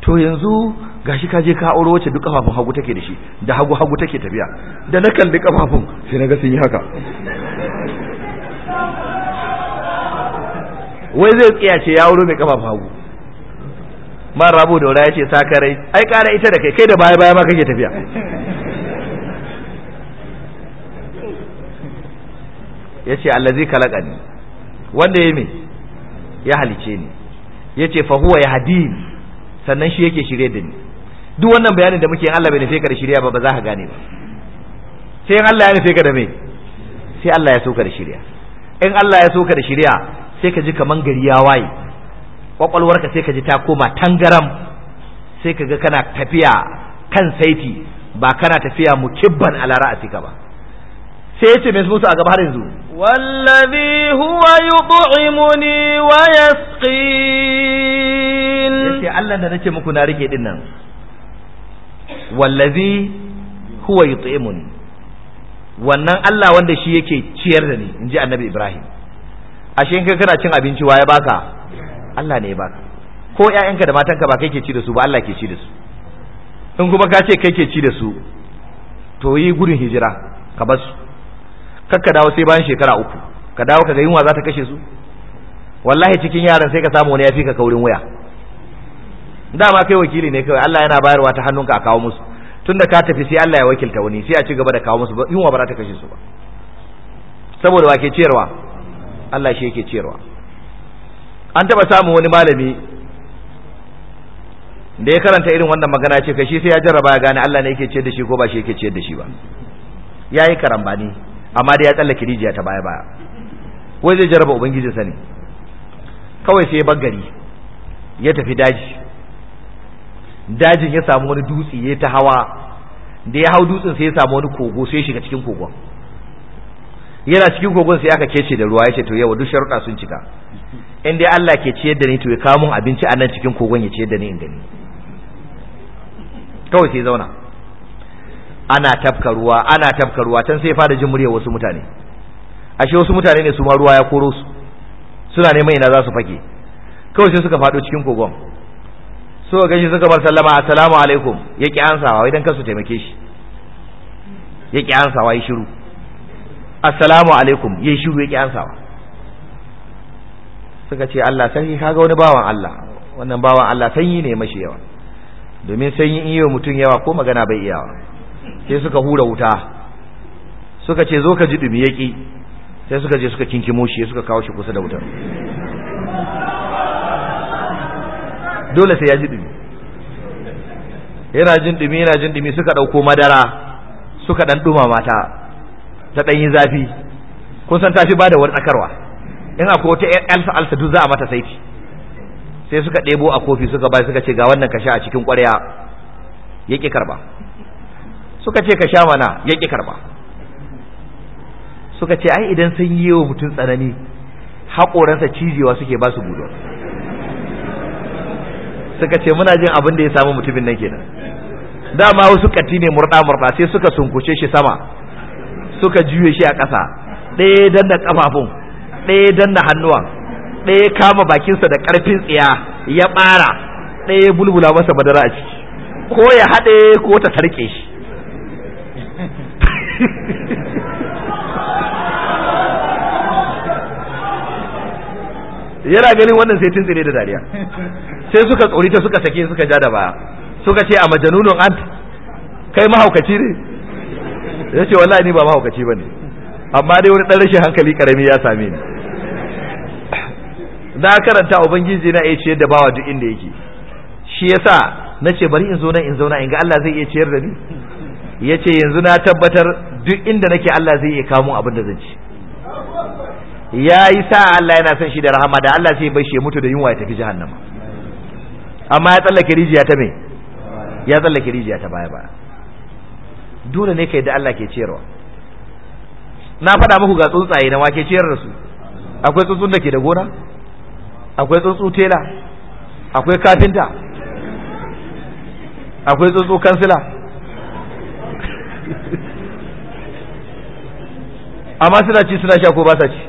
to yanzu gashi ka je ka aure wacce duk kafafun hagu take da shi da hagu hagu take tafiya da na kalli kafafun sai na ga sun yi haka wai zai tsaya ce ya wuro mai kafa hagu man rabu da ya ce sakarai ai kara ita da kai kai da baya baya ma kake tafiya ya ce allazi kalakani wanda ya me ya halice ni ya ce fahuwa ya hadi sannan shi yake shirye da ni duk wannan bayanin da muke Allah bai nufe ka da shirya ba ba za ka gane ba sai in Allah ya nufe ka da me sai Allah ya so ka da shirya in Allah ya so ka da shirya sai ka ji kaman gari ya waye kwakwalwarka sai ka ji ta koma tangaram sai ka ga kana tafiya kan saiti ba kana tafiya mu mukibban ala ka ba sai ya ce mai musu a gaba har yanzu wallazi huwa yut'imuni wa yasqin yace Allah da nake muku na rike din nan wallazi huwa yut'imuni wannan Allah wanda shi yake ciyar da ni inji annabi Ibrahim ashe kai kana cin abinci waye baka Allah ne ya baka ko ƴaƴanka da matanka ba kai ke ci da su ba Allah ke ci da su in kuma ka ce kai ke ci da su to yi gudun hijira ka bar su kakka dawo sai bayan shekara uku ka dawo ka ga yunwa za ta kashe su wallahi cikin yaran sai ka samu wani ya fi ka kaurin waya dama kai wakili ne kawai Allah yana bayarwa ta hannunka a kawo musu tunda ka tafi sai Allah ya wakilta wani sai a ci gaba da kawo musu yunwa ba za ta kashe su ba saboda wake ciyarwa Allah shi yake ciyarwa an taba samun wani malami da ya karanta irin wannan magana ce kai shi sai ya jarraba ya gane Allah ne yake ciyar da shi ko ba shi yake ciyar da shi ba yayi karambani amma da ya tsallake rijiya ta baya baya wai zai jarraba ubangijinsa sani kawai sai ya baggari ya tafi daji dajin ya samu wani dutse ya ta hawa da ya hau dutsen sai ya samu wani kogo sai ya shiga cikin kogon yana cikin kogon sai aka kece da ruwa yace to yau duk sharuɗa sun cika in dai Allah ke ciyar da ni to ya kawo mun abinci a nan cikin kogon ya ciyar da ni in gani kawai sai zauna ana tafka ruwa ana tafka ruwa can sai fara jin murya wasu mutane ashe wasu mutane ne su ma ruwa ya koro su suna neman ina za su fake kawai sai suka faɗo cikin kogon so ga shi suka bar sallama assalamu alaikum ya ansawa idan dan su taimake shi ya ansawa ya shiru assalamu alaikum yayi ya ƙi ansawa suka ce Allah sarki kaga wani bawan Allah wannan bawan Allah sanyi ne mashi yawa domin sanyi in yiwa mutum yawa ko magana bai iyawa sai suka hura wuta suka ce zo ka ji dumi ƙi sai suka je suka kinkimo shi suka kawo shi kusa da wutar dole sai ya ji dumi yana jin dumi yana jin dumi suka ɗauko madara suka ɗan ɗuma mata ta ɗanyi zafi kun san tafi bada tsakarwa in akwai wata alfa alfa duk za a mata saiti sai suka ɗebo a kofi suka bai suka ce ga wannan ka sha a cikin ƙwarya ya ƙi karba suka ce ka sha mana ya ƙi karba suka ce ai idan sun yi wa mutum tsanani haƙoransa cijewa suke ba su gudu suka ce muna jin abin da ya samu mutumin nan kenan dama wasu katine ne murɗa murɗa sai suka sunkuce shi sama suka juye shi a ƙasa ɗaya danna ƙafafun ɗaya danna hannuwan ɗaya kama bakinsa da ƙarfin tsiya ya ɓara ɗaya bulbula masa madara a ciki ko ya haɗe ko ta tarke shi (laughs) yana ganin wannan sai tuntsire da dariya sai suka tsorita suka sake suka ja da baya suka ce a majanunun an kai mahaukaci ne ya ce wallahi ni ba mahaukaci ba ne amma dai wani ɗan rashin hankali karami ya same ni na karanta ubangiji na iya ciyar da bawa duk inda yake shi yasa na ce bari in zo in zauna in ga Allah zai iya ciyar da ni ya ce yanzu na tabbatar duk inda nake Allah zai iya kamo abin da zan ci ya yi sa Allah yana son shi da rahama da Allah sai bai shi mutu da yunwa ya tafi jahannama amma ya tsallake rijiya ta me ya tsallake rijiya ta baya baya dole ne kai da Allah ke ciyarwa na faɗa muku ga tsuntsaye na wake ciyar da su akwai tsuntsun da ke da gona akwai tsuntsu tela akwai kafinta akwai tsuntsu kansila (laughs) amma suna ci suna sha ko ba ci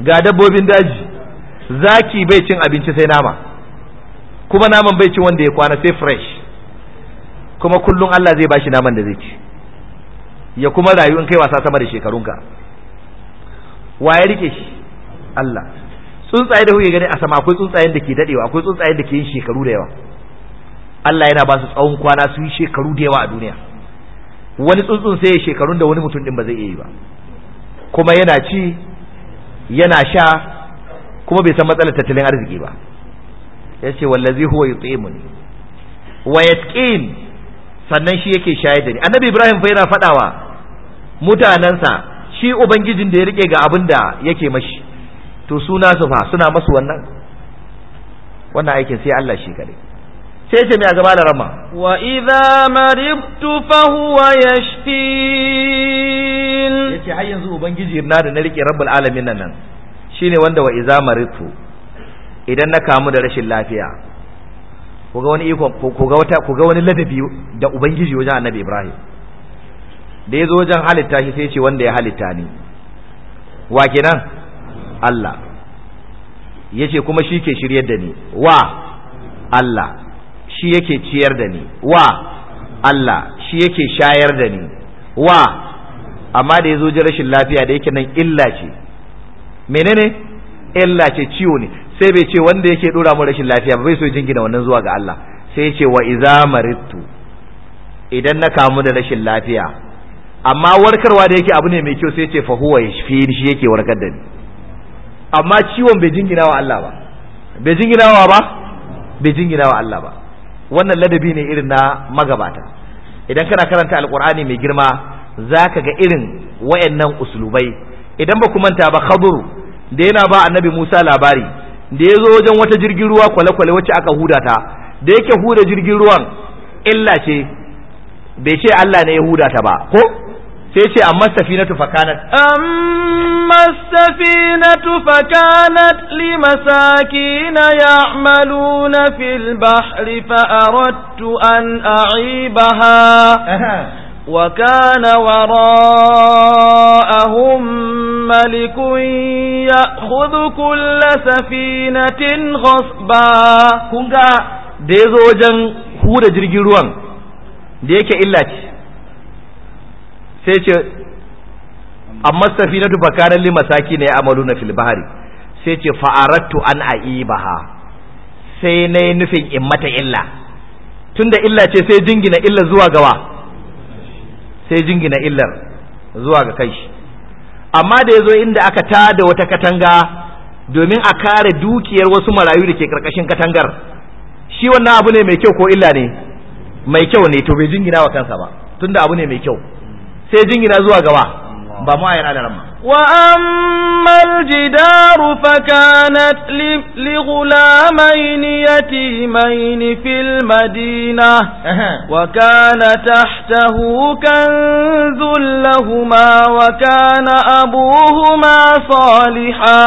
ga dabbobin daji zaki bai cin abinci sai nama kuma naman bai cin wanda ya kwana sai fresh kuma kullum Allah zai bashi naman da zai ci ya kuma rayu in kai wasa sama da shekarunka wa ya rike shi Allah tsuntsaye da kuke gani a sama akwai tsuntsayen da ke dadewa akwai tsuntsayen da ke yin shekaru da yawa Allah yana ba su tsawon kwana su yi shekaru da yawa a duniya wani tsuntsun sai ya shekarun da wani mutum din ba zai iya yi ba kuma yana ci yana sha kuma bai san matsalar tattalin arziki ba ya ce wallazi huwa yutimuni wa sannan shi yake shayar da ni annabi ibrahim fa yana faɗawa mutanensa shi ubangijin da ya rike ga abin da yake mashi to suna su fa suna masu wannan wannan aikin sai Allah shi kare sai ce mai a gaba da rama wa idza maridtu fa huwa yashfin yace har yanzu ubangiji na da na rike rabbul alamin nan shine wanda wa idza maridtu idan na kamu da rashin lafiya ku ga wani ikon ku wata ku wani ladabi da ubangiji wajen annabi ibrahim da ya zo wajen halitta shi sai ce wanda ya halitta ni wa kenan allah ya ce kuma shi ke shiryar da ni wa allah shi yake ciyar da ni wa allah shi yake shayar da ni wa amma da ya zo ji rashin lafiya da yake nan illa ce menene illa ce ciwo ne sai bai ce wanda yake dora mu rashin lafiya ba bai so jingina wannan zuwa ga Allah sai ce wa iza marittu idan na kamu da rashin lafiya amma warkarwa da yake abu ne mai kyau sai ya ce fa huwa yashfini shi yake warkar da ni amma ciwon bai jingina wa Allah ba bai jingina wa ba bai jingina wa Allah ba wannan ladabi ne irin na magabata idan kana karanta alqur'ani mai girma zaka ga irin wayannan usulubai idan ba ku manta ba khaduru da yana ba annabi Musa labari da ya zo wajen wata jirgin ruwa kwale-kwale wacce aka huda ta da yake huda jirgin ruwan illa ce bai ce Allah ne ya huda ta ba ko sai ce amma safinatu fakanat amma safinatu fakanat masakin ya'maluna fil bahri fa aradtu an a'ibaha وكان وراءهم ملك يأخذ كل سفينة غصبا كنغا ديزو وجن هورا jirgin ruwan da yake illa ce sai ce amma safinatu bakaran lima saki ne amalu na filbahari sai ce fa'arattu an a'ibaha sai na nufin in mata illa tunda illa ce sai jingina illa zuwa gawa sai jingina illar zuwa ga kai shi amma da ya zo inda aka tada wata katanga domin a kare dukiyar wasu marayu da ke karkashin katangar shi wannan abu ne mai kyau ko illa ne mai kyau ne to bai jingina wa kansa ba tunda abu ne mai kyau sai jingina zuwa gaba ba mu ayyana da ramma وأما الجدار فكانت لغلامين يتيمين في المدينة وكان تحته كنز لهما وكان أبوهما صالحا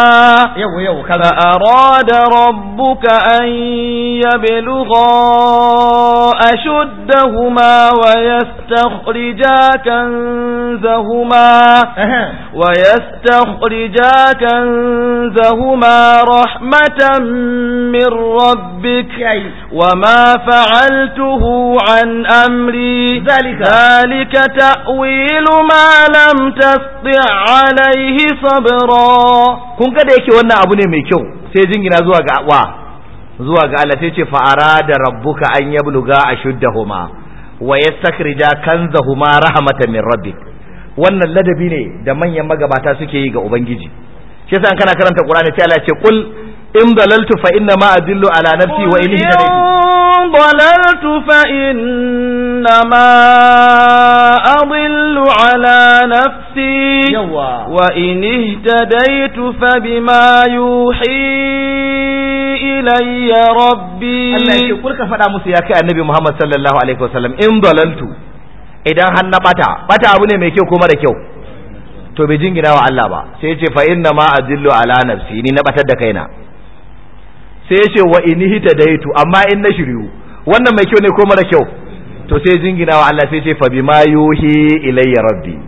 فأراد ربك أن يبلغا أشدهما ويستخرجا كنزهما ويستخرجا ويستخرجا كنزهما رحمة من ربك وما فعلته عن أمري ذلك, ذلك تأويل ما لم تستطع عليه صبرا كن كده يكي وانا أبني ميكو سيجنجنا زواج وا zuwa ga Allah sai ce fa'ara da rabbuka an yabluga ashuddahuma wa yastakrija kanzahuma rahmatan min rabbik wannan ladabi ne da manyan magabata suke yi ga ubangiji shi yasa kana karanta qur'ani sai Allah ya ce qul in dalaltu fa inna ma adillu ala nafsi wa ilayhi nadaytu dalaltu fa inna ma adillu ala nafsi wa in ihtadaytu fa bima yuhi ilayya rabbi Allah ya ce ka faɗa musu ya kai annabi Muhammad sallallahu alaihi wasallam in dalaltu idan har na bata bata abu ne mai kyau ko mara kyau to bai jingina wa Allah ba sai yace fa inna ma azillu ala nafsi ni na batar da kaina sai yace wa inni daitu amma in na shiryu wannan mai kyau ne ko mara kyau to sai jingina wa Allah sai yace fa bima yuhi ilayya rabbi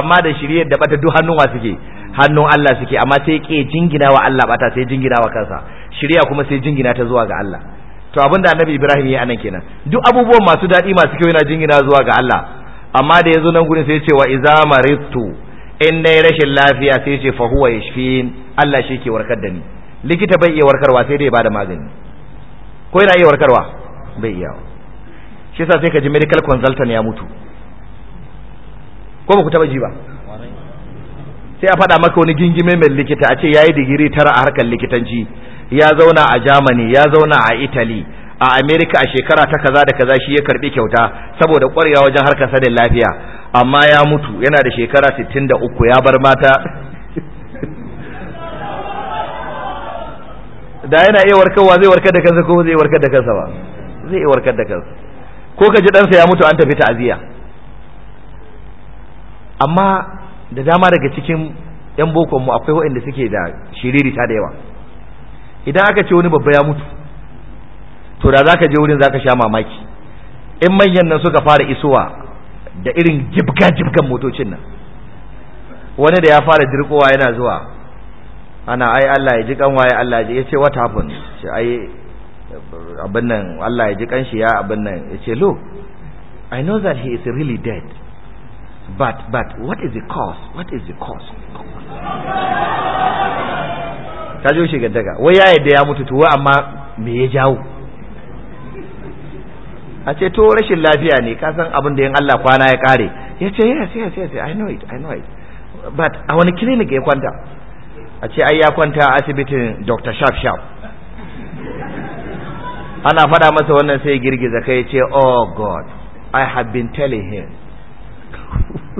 amma da shiryar da bata duk hannun wa suke hannun Allah suke amma sai ke jingina wa Allah bata sai jingina wa kansa shirya kuma sai jingina ta zuwa ga Allah to abin da annabi ibrahim ya anan kenan duk abubuwan masu daɗi masu kyau yana jingina zuwa ga allah amma da ya zo nan gudun sai ce wa iza maritu in na rashin lafiya sai ce fa huwa yashfin allah shi ke warkar da ni likita bai iya warkarwa sai dai bada magani ko yana iya warkarwa bai iya shi yasa sai ka ji medical consultant ya mutu ko ba ku taba ji ba sai a faɗa maka wani gingime mai likita a ce ya yi digiri tara a harkar likitanci ya zauna a Germany ya zauna a Italy a America a shekara ta kaza da kaza shi ya karbi kyauta saboda kwarewa wajen harkar sanin lafiya amma ya mutu yana da shekara 63 ya bar mata (laughs) da yana iya warkarwa zai warkar da kansa ko zai warkar da kansa ba zai iya warkar da kansa ko ka ji ɗansa ya mutu an tafi ta'aziyya amma da dama daga cikin 'yan bokonmu akwai waɗanda suke da shiririta da yawa idan aka ce wani babba ya mutu to da zaka je wurin zaka sha mamaki in manyan nan suka fara isowa da irin jibga jibgan motocin nan wani da ya fara dirkowa yana zuwa ana ai Allah ya ji kanwa ya Allah ya ce what happened ce ai abin nan Allah ya ji kanshi ya abin nan ya ce look I know that he is really dead but but what is the cause what is the cause ta jo shi daga wai ya yadda ya mutu tuwa amma me ya jawo a ce to rashin lafiya ne ka san abin da yin Allah kwana ya kare ya ce yes yes yes I know it I know it but a wani clinic ya kwanta a ce ai ya kwanta a asibitin Dr. Sharp Sharp ana faɗa masa wannan sai girgiza kai ya ce oh god I have been telling him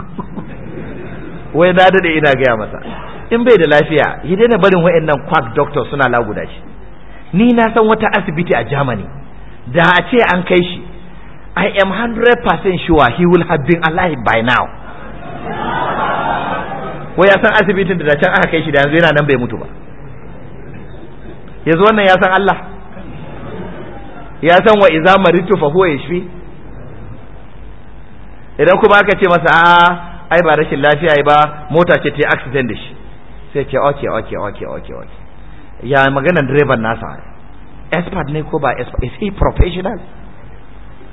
(laughs) wai na daɗe ina gaya masa in bai da lafiya ya daina barin wayannan quack doctor suna laguda shi ni na san wata asibiti a Germany da a ce an kai shi I am 100% sure he will have been alive by now wai ya san asibitin da can aka kai shi da yanzu yana nan bai mutu ba yanzu wannan ya san Allah ya san wa iza maritu fa huwa yashfi idan kuma aka ce masa a ai ba rashin lafiya ba mota ce ta accident da shi sai ce oke oke oke oke oke ya maganar direban nasa expert ne ko ba expert is he professional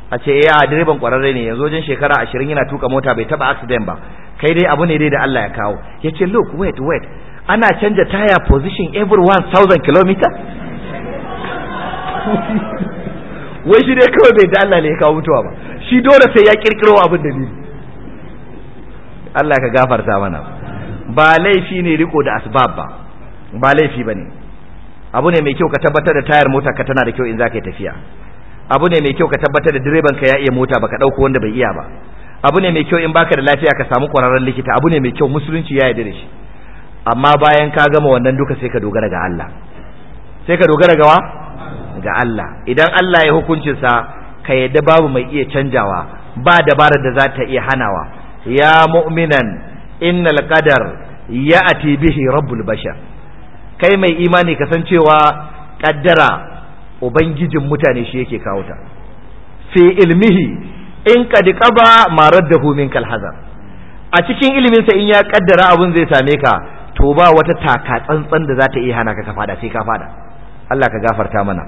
a ce ya eh, direban kwararre ne yanzu wajen shekara ashirin yana tuka mota bai taba accident ba kai dai abu ne dai da Allah ya kawo ya ce look wait wait ana canja tire position every 1000 km (laughs) wai shi dai kawai bai da Allah ne ya kawo mutuwa ba shi dole sai ya kirkiro abin ni Allah ka gafarta mana ba laifi ne riko da asbab ba ba laifi bane abu ne mai kyau ka tabbatar da tayar mota ka tana da kyau in za ka yi tafiya abu ne mai kyau ka tabbatar da direban ka ya iya mota baka dauko wanda bai iya ba abu ne mai kyau in baka da lafiya ka samu kwararren likita abu ne mai kyau musulunci ya yarda da shi amma bayan ka gama wannan duka sai ka dogara ga Allah sai ka dogara ga wa ga Allah idan Allah ya hukuncin sa ka yadda babu mai iya canjawa ba dabarar da za ta iya hanawa ya mu'minan innal qadar ya'ti bihi rabbul bashar kai mai imani kasancewa kaddara ubangijin mutane shi yake kawo ta fi ilmihi in qad qaba ma raddahu min kalhazar a cikin ilimin sa in ya kaddara abun zai same ka to ba wata taka tsantsan da za ta iya hana ka ka fada sai ka fada Allah ka gafarta mana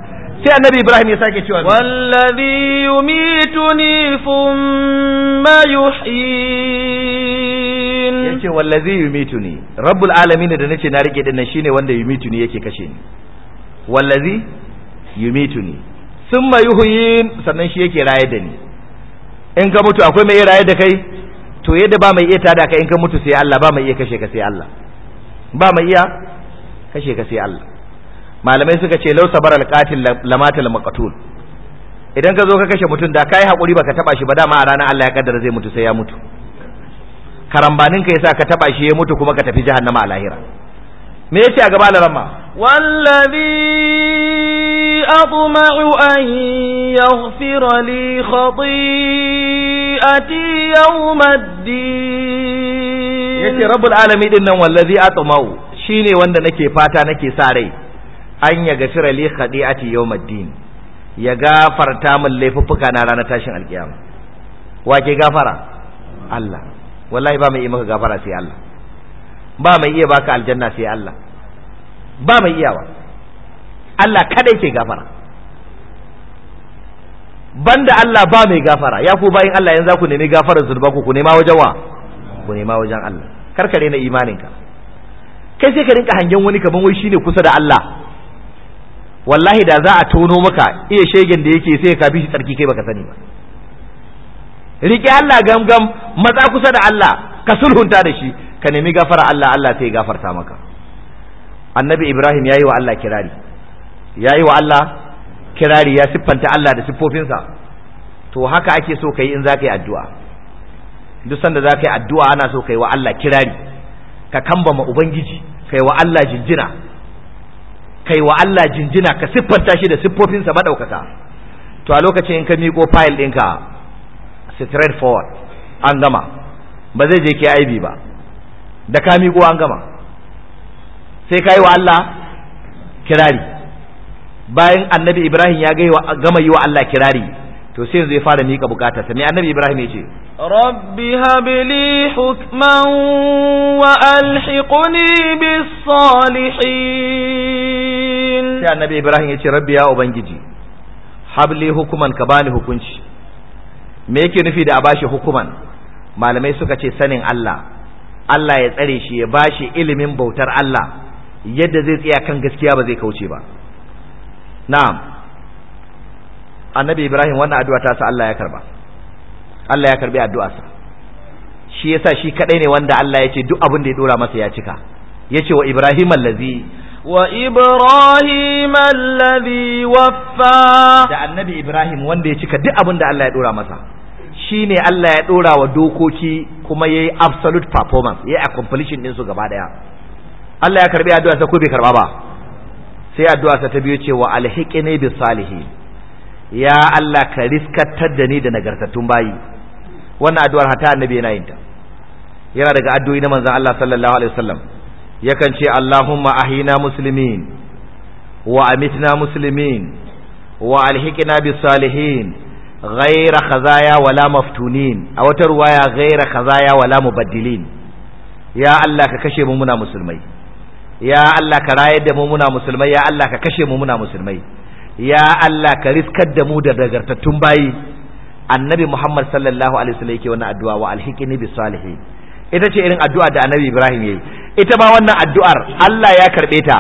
sai annabi Ibrahim ya sake cewa wallazi yumituni thumma yuhyin yace wallazi yumituni rabbul alamin da nace na rike din nan shine wanda yumituni yake kashe ni wallazi yumituni thumma yuhyin sannan shi yake raye da ni in ka mutu akwai mai raye da kai to yadda ba mai iya tada ka in ka mutu sai Allah ba mai iya kashe ka sai Allah ba mai iya kashe ka sai Allah malamai suka ce lau sabar alqatil lamatal maqtul idan ka zo ka kashe mutum da kai hakuri baka taba shi ba dama a ranar Allah ya kaddara zai mutu sai ya mutu karambanin ka yasa ka taba shi ya mutu kuma ka tafi jahannama a lahira me yace a gaba laramma wallazi أطمع أن يغفر لي خطيئتي يوم الدين yace rabbul alami din nan wallazi atmau shine wanda nake fata nake sa an ya gafira li khadi'ati yawmiddin ya gafarta min laifuffuka na ranar tashin alkiyama wa ke gafara Allah wallahi ba mai iya maka gafara sai Allah ba mai iya baka aljanna sai Allah ba mai iyawa Allah kadai ke gafara banda Allah ba mai gafara ya ku bayin Allah yanzu ku nemi gafarar zurba ku ku nema wajen wa ku nema wajen Allah karkare na imaninka kai sai ka rinka hangen wani kaman wai shine kusa da Allah wallahi da za a tono maka iya shegen da yake sai ka bi shi tsarki kai baka sani ba riƙe Allah gamgam matsa kusa da Allah ka sulhunta da shi ka nemi gafara Allah Allah sai gafarta maka annabi Ibrahim yayi wa Allah kirari yi wa Allah kirari ya siffanta Allah da siffofinsa to haka ake so yi in za ka yi addu'a duk sanda za ka yi addu'a ana so yi wa Allah kirari ka kambama ubangiji kai wa Allah jinjina kai wa Allah jinjina ka siffanta shi da siffofinsa madaukaka to a lokacin in ka miko file ɗinka straight forward an gama ba zai je KIB ba da ka miko an gama sai ka yi wa Allah kirari bayan annabi Ibrahim ya gama yi wa Allah kirari to sai yanzu ya fara mika bukatarsa sai annabi Ibrahim ya ce رب هب لي حكما وألحقني بالصالحين يا النبي إبراهيم يتي ربي يا أبنجي هب لي حكما كباني حكمش me yake nufi da a bashi hukuman malamai suka ce sanin Allah Allah ya tsare shi ya bashi ilimin bautar Allah yadda zai tsaya kan gaskiya ba zai kauce ba na'am annabi Ibrahim wannan addu'a ta sa Allah ya karba Allah ya karbi addu'arsa shi yasa shi kadai ne wanda Allah ya ce duk abin da ya dora masa ya cika yace wa Ibrahim allazi wa Ibrahim allazi waffa da annabi Ibrahim wanda ya cika duk abin da Allah ya dora masa shine Allah ya dora wa dokoki kuma yayi absolute performance yayi accomplishment din su gaba daya Allah ya karbi addu'arsa ko bai karba ba sai addu'arsa ta biyo ce wa alhiqni bis salihin ya Allah ka riskatar da ni da nagartattun bayi wannan addu'ar hatta annabi yana yin ta yana daga addu'o'i na manzon Allah sallallahu alaihi wasallam yakan ce Allahumma ahina muslimin wa amitna muslimin wa alhiqna bis salihin ghaira khazaya wala maftunin a wata ruwaya ghaira khazaya wala mubaddilin ya Allah ka kashe mu muna musulmai ya Allah ka rayar da mu muna musulmai ya Allah ka kashe mu muna musulmai ya Allah ka riskar da mu da dagartattun bayi annabi Muhammad sallallahu alaihi wasallam yake wannan addu'a wa alhiqni bis salihin ita ce irin addu'a da annabi Ibrahim yayi ita ma wannan addu'ar Allah ya karbe ta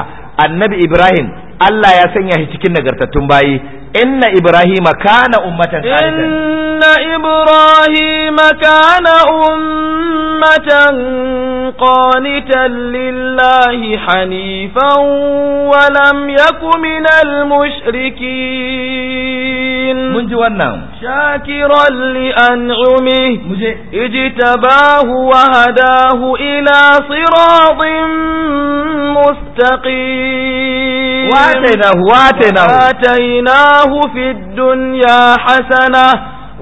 annabi Ibrahim Allah ya sanya shi cikin nagartattun bayi inna ibrahima kana ummatan salihah inna ibrahima kana ummatan qanitan lillahi hanifan wa lam yaku mushrikin mun ji wannan shakiran li an'umi ijtabahu wa hadahu ila siratin mustaqim واتيناه واتيناه واتيناه له في الدنيا حسنة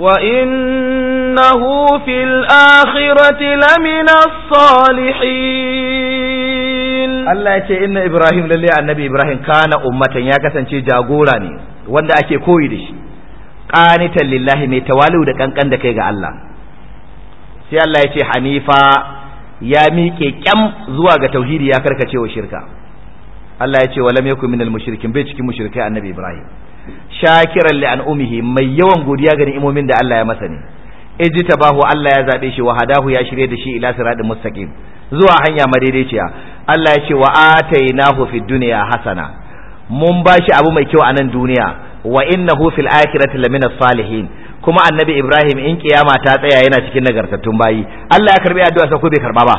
وإنه في الآخرة لمن الصالحين الله يتي إن إبراهيم للي النبي إبراهيم كان أمة يكسن wanda ake koyi da shi qanitan lillahi mai tawali'u da kankan da kai ga Allah sai Allah ya ce hanifa ya miƙe ƙyam zuwa ga tauhidi ya karkace wa shirka Allah ya ce walam yakun minal mushrikin bai cikin mushrikai annabi Ibrahim shakiran li umihi mai yawan godiya ga imomin da Allah ya masa ne bahu Allah ya zabe shi wa hadahu ya shirye da shi ila siratin mustaqim zuwa hanya madaidaiciya Allah ya ce wa atainahu fid dunya hasana mun shi abu mai kyau a nan duniya wa innahu fil akhirati lamina salihin kuma annabi Ibrahim in kiyama ta tsaya yana cikin nagartattun bayi Allah ya karbi addu'a sa ko bai karba ba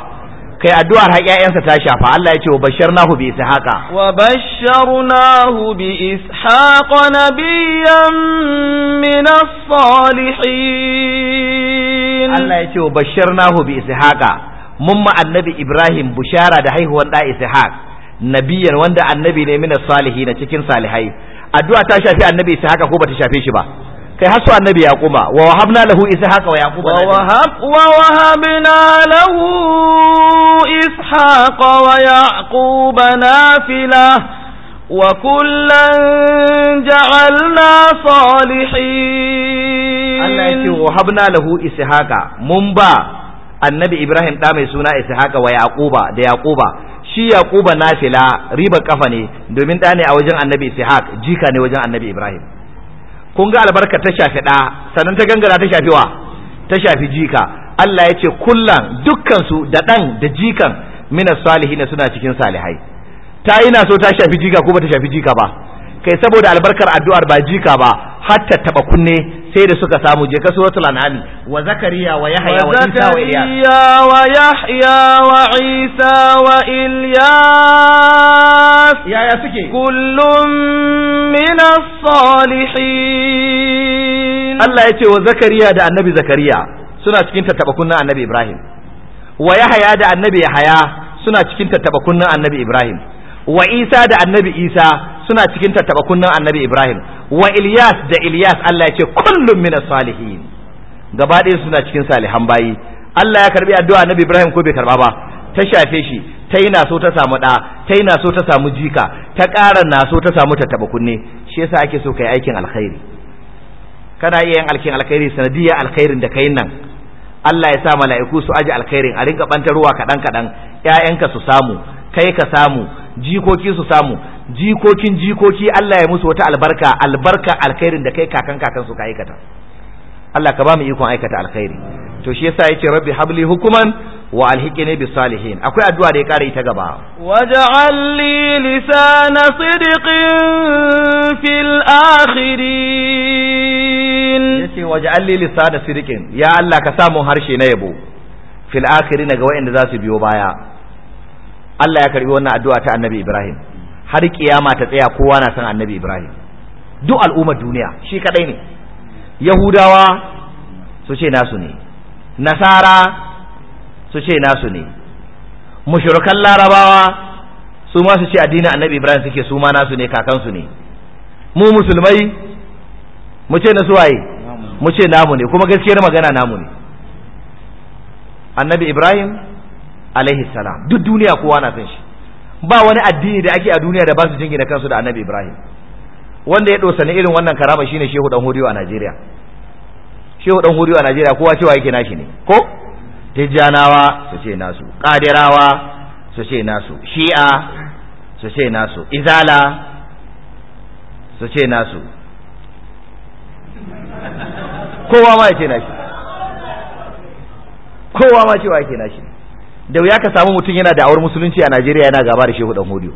kai addu'ar har ƴaƴansa ta shafa Allah ya ce wa basharnahu bi ishaqa wa basharnahu bi ishaqa nabiyyan min as-salihin Allah ya ce wa basharnahu bi ishaqa mun ma annabi Ibrahim bushara da haihuwar da ishaq nabiyyan wanda annabi ne min as-salihin cikin salihai addu'a ta shafi annabi Ishaq ko bata shafe shi ba kai har su annabi yaquba wa wahabna lahu ishaqa wa yaquba wa wahab wa wahabna lahu ishaqa wa yaquba nafila wa kullan ja'alna salihin Allah ya ce wahabna lahu ishaqa mun ba annabi Ibrahim da mai suna ishaqa wa yaquba da yaquba shi yaquba nafila riba kafa ne domin da ne a wajen annabi ishaq jika ne wajen annabi Ibrahim kun ga albarka ta shafi ɗa sannan ta gangara ta shafi wa ta shafi jika Allah ya ce kullan dukkansu da ɗan da jikan minas salihina suna cikin salihai ta yi na so ta shafi jika ko ba ta shafi jika ba kai saboda albarkar addu'ar ba jika ba har taba kunne sai da suka samu je ka suratul anami wa zakariya wa yahya wa isa wa ilyas wa yahya wa isa wa ilyas yaya suke kullum min as-salihin Allah ya ce wa zakariya da annabi zakariya suna cikin tattabakun na annabi ibrahim wa yahya da annabi yahya suna cikin tattabakun na annabi ibrahim wa isa da annabi isa suna cikin tattabakun na annabi ibrahim wa Ilyas da Ilyas Allah ya ce kullum min salihin gaba ɗaya suna cikin salihan bayi Allah ya karbi addu'a Nabi Ibrahim ko bai karba ba ta shafe shi ta yi naso ta samu ɗa ta yi naso ta samu jika ta ƙara naso ta samu tattaba kunne shi yasa ake so kai aikin alkhairi kana iya yin alkin alkhairi sanadiyya alkhairin da kai nan Allah ya sa mala'iku su aji alkhairin a rinka bantarwa kaɗan kaɗan ƴaƴanka su samu kai ka samu jikoki su samu jikokin jikoki Allah ya musu wata albarka albarka alkhairin da kai kakan kakan su ka aikata Allah ka ba mu ikon aikata alkhairi to shi yasa yake rabbi habli hukuman wa alhiqini bis salihin akwai addu'a da ya kare ta gaba waj'al li lisana sidqin fil akhirin yace waj'al li lisana sidqin ya Allah ka samu harshe na yabo fil akhirin ga wa'anda za su biyo baya Allah ya karbi wannan addu'a ta Annabi Ibrahim har kiyama ta tsaya kowa na san Annabi Ibrahim duk al'ummar duniya shi kadai ne Yahudawa su ce nasu ne Nasara su ce nasu ne mushrikan Larabawa su ma su ce addinin Annabi Ibrahim suke su ma nasu ne kakansu ne mu musulmai mu ce na suwaye mu ce namu ne kuma gaskiyar magana namu ne Annabi Ibrahim alaihi salam duk duniya kowa na san shi ba wani addini da ake a duniya da ba su jingina kansu da annabi ibrahim wanda ya dosa na irin wannan karama shine shehu dan hodiyo a najeriya shehu dan hodiyo a najeriya kowa cewa yake nashi ne ko tijjanawa su ce nasu kadirawa su ce nasu shi'a su ce nasu izala su ce nasu kowa ma ya ce nashi kowa ma cewa yake nashi da wuya ka samu mutum yana da awar musulunci a Najeriya yana gaba da Shehu Danhodiyo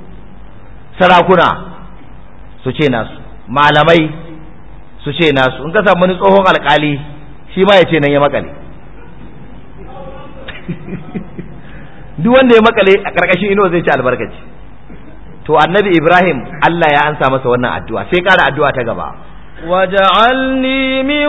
sarakuna su ce nasu malamai su ce nasu in ka samu wani tsohon alkali shi ma ya ce nan ya makale (laughs) duk wanda ya makale a karkashin ino zai ci albarkaci to annabi Ibrahim Allah ya ansa masa wannan addu'a sai kara addu'a ta gaba واجعلني من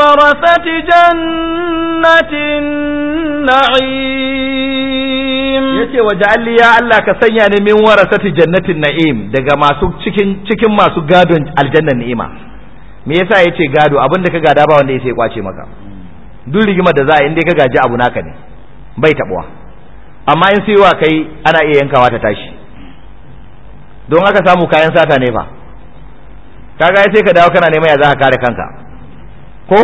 ورثة جنة النعيم yace waje'alli ya Allah ka sanya ni min warasati jannatin na'im daga masu cikin cikin masu gadon aljannan ni'ima me yasa yace gado abinda ka gada ba wanda yace kwace maka duk rigimar da za a yi dai ka gaji abu naka ne bai tabuwa amma in sai wa kai ana iya yankawa ta tashi don haka samu kayan sata ne fa kaga sai ka dawo kana neman ya za ka kare kanka ko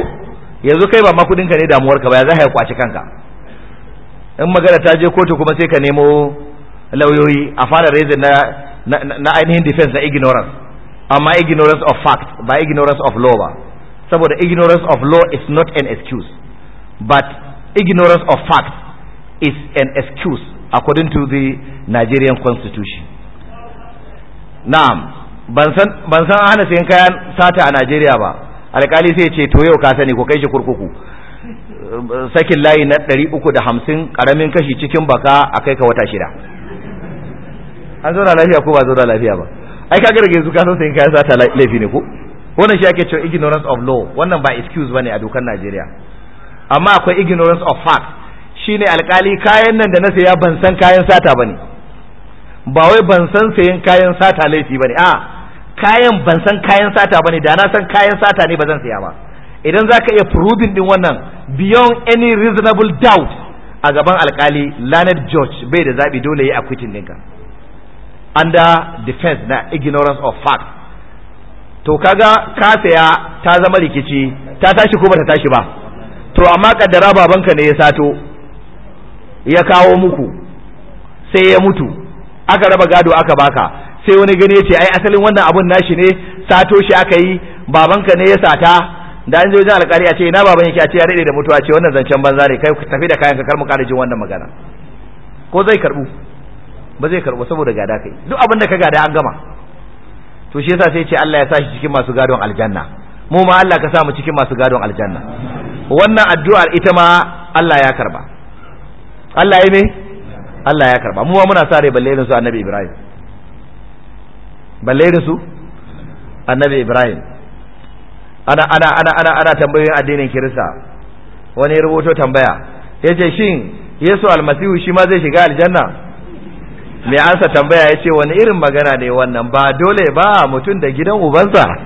yanzu kai ba ma kudin ka ne damuwar ka ba ya za ka kwaci kanka in magana ta je kotu kuma sai ka nemo lauyoyi a fara raising na na ainihin defense na ignorance amma ignorance of fact ba ignorance of law ba saboda ignorance of law is not an excuse but ignorance of fact is an excuse according to the Nigerian constitution na'am ban san hana sayan kayan sata a Najeriya ba alkali sai ce to yau ka sani ko kai shi kurkuku sakin layi na ɗari uku da hamsin ƙaramin kashi cikin baka a kai ka wata shida an zo lafiya ko ba zo lafiya ba ai ka gargaje su san sayan kayan sata laifi ne ko wannan shi ake cewa ignorance of law wannan ba excuse bane a dokar Najeriya amma akwai ignorance of fact shine alkali kayan nan da na saya ban san kayan sata bane ba wai ban san sayan kayan sata laifi bane a kayan ban san kayan sata bane da na san kayan sata ne ba zan saya ba idan zaka iya proving din wannan beyond any reasonable doubt a gaban alkali Leonard George bai da zabi dole ya acquitting ɗinka under defense na ignorance of fact to kaga ka saya ta zama rikici ta tashi ko bata tashi ba to amma kaddara babanka ne ya sato ya kawo muku sai ya mutu aka raba gado aka baka sai wani gani yace ai asalin wannan abun nashi ne sato shi aka yi babanka ne ya sata da an je wajen alƙali a ce ina baban yake a ce ya daɗe da mutuwa ce wannan zancen banza ne kai ku tafi da kayan ka kar mu ƙara jin wannan magana ko zai karbu ba zai karbu saboda gada kai duk abin da ka gada an gama to shi yasa sai ce Allah ya sa shi cikin masu gadon aljanna mu ma Allah ka sa mu cikin masu gadon aljanna wannan addu'ar ita ma Allah ya karba Allah ya me Allah ya karba mu ma muna sa balle irin su Annabi Ibrahim balle da su annabi ibrahim ana ana ana ana ana tambayoyin addinin kirista wani rubuto tambaya yace shin yesu almasihu shi ma zai shiga aljanna mai ansa tambaya yace wani irin magana ne wannan ba dole ba mutum da gidan ubansa (laughs)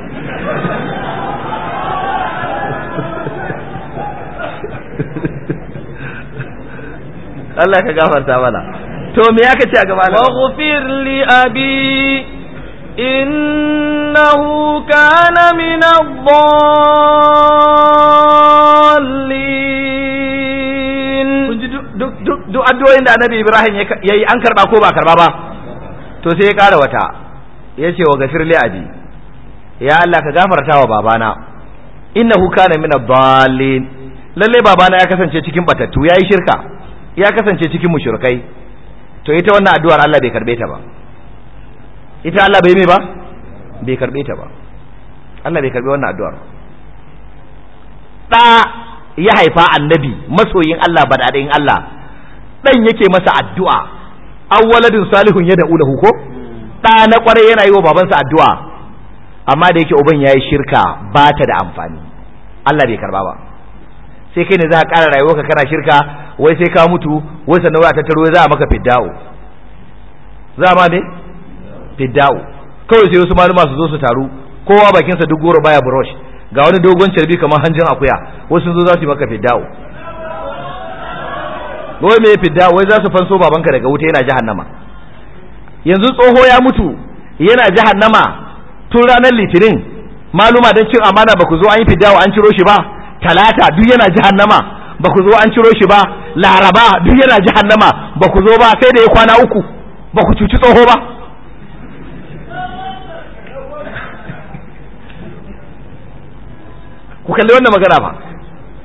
Allah ka gafarta mana to me yake ce a gaba Wa ghufir li abi إنه كان من الضالين duk addu'o'in da annabi Ibrahim ya yi an karba ko ba karba ba to sai ya ƙara wata ya ce wa gafir abi ya Allah ka gafarta wa babana innahu kana min ad lalle babana ya kasance cikin batattu yayi shirka ya kasance cikin mushrikai to ita wannan addu'ar Allah bai karbe ta ba ita Allah bai mai ba bai karbe ta ba Allah bai karbe wannan addu'ar da ya haifa annabi masoyin Allah badadin Allah dan yake masa addu'a awwaladin salihun ya da'u lahu ko da na kware yana yi wa babansa addu'a amma da yake uban yayi shirka ba ta da amfani Allah bai karba ba sai kai ne za ka ƙara ka, kana shirka wai sai ka mutu wai sannan za ta tattaro za a maka fiddao. za ma ne fidda'u kawai sai wasu malama su zo su taru kowa bakinsa duk goro baya brush ga wani dogon carbi kamar hanjin akuya wasu zo za su yi maka fidda'u wai me fidda'u wai za su fanso babanka daga wuta yana jahannama yanzu tsoho ya mutu yana jahannama tun ranar litinin maluma don cin amana ba ku zo an yi fidda'u an ciro shi ba talata duk yana jahannama ba ku zo an ciro shi ba laraba duk yana jahannama ba ku zo ba sai da ya kwana uku ba ku cuci tsoho ba ku kalli wannan magana ba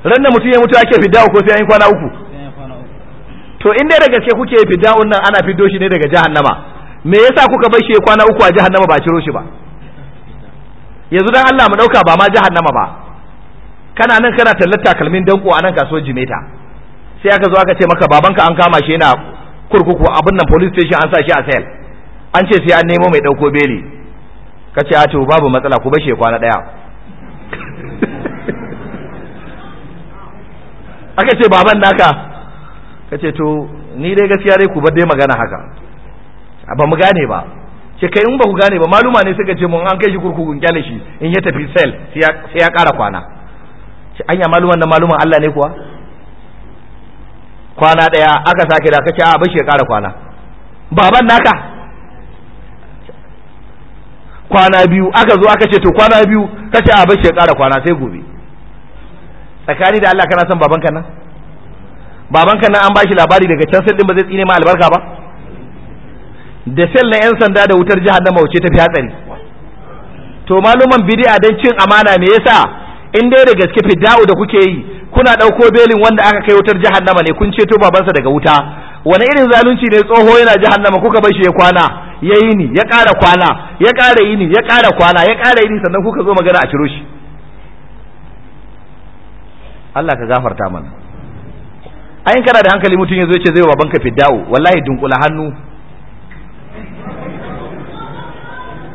ran da mutum ya mutu ake fidda'u ko sai an yi kwana uku to in dai da gaske kuke fidda'un nan ana fiddo shi ne daga jahannama me yasa kuka bar shi kwana uku a jahannama ba ciro shi ba yanzu dan Allah mu dauka ba ma jahannama ba kana nan kana tallata takalmin danko a nan kasuwar jimeta sai aka zo aka ce maka babanka an kama shi yana kurkuku abin nan police station an sa shi a cell an ce sai an nemo mai dauko beli kace a to babu matsala ku bashe kwana daya aka ce baban naka ka ce to ni dai gaskiya dai ku bar dai magana haka ba mu gane ba ce kai in ba ku gane ba maluma ne suka ce mun an kai shi kurkukun kyale shi in ya tafi sel sai ya kara kwana ce anya maluman na maluman Allah ne kuwa kwana daya aka sake da kace a bashi ya kara kwana baban naka kwana biyu aka zo aka ce to kwana biyu kace a bashi ya kara kwana sai gobe tsakani da Allah kana son baban ka nan baban ka nan an ba labari daga can sai din ba zai tsine ma albarka ba da sel na yan sanda da wutar jahannama wuce ta fi hatsari to maluman bid'a dan cin amana me yasa in dai da gaske fidda'u da kuke yi kuna ɗauko belin wanda aka kai wutar jahannama ne kun ceto babansa daga wuta wani irin zalunci ne tsoho yana jahannama kuka bar shi ya kwana ya yi ni ya ƙara kwana ya ƙara yi ni ya ƙara kwana ya ƙara yi ni sannan kuka zo magana a ciro shi Allah ka gafarta mana ayin kana da hankali mutum ya zo ce zai wa banka fiddawo wallahi dunkula hannu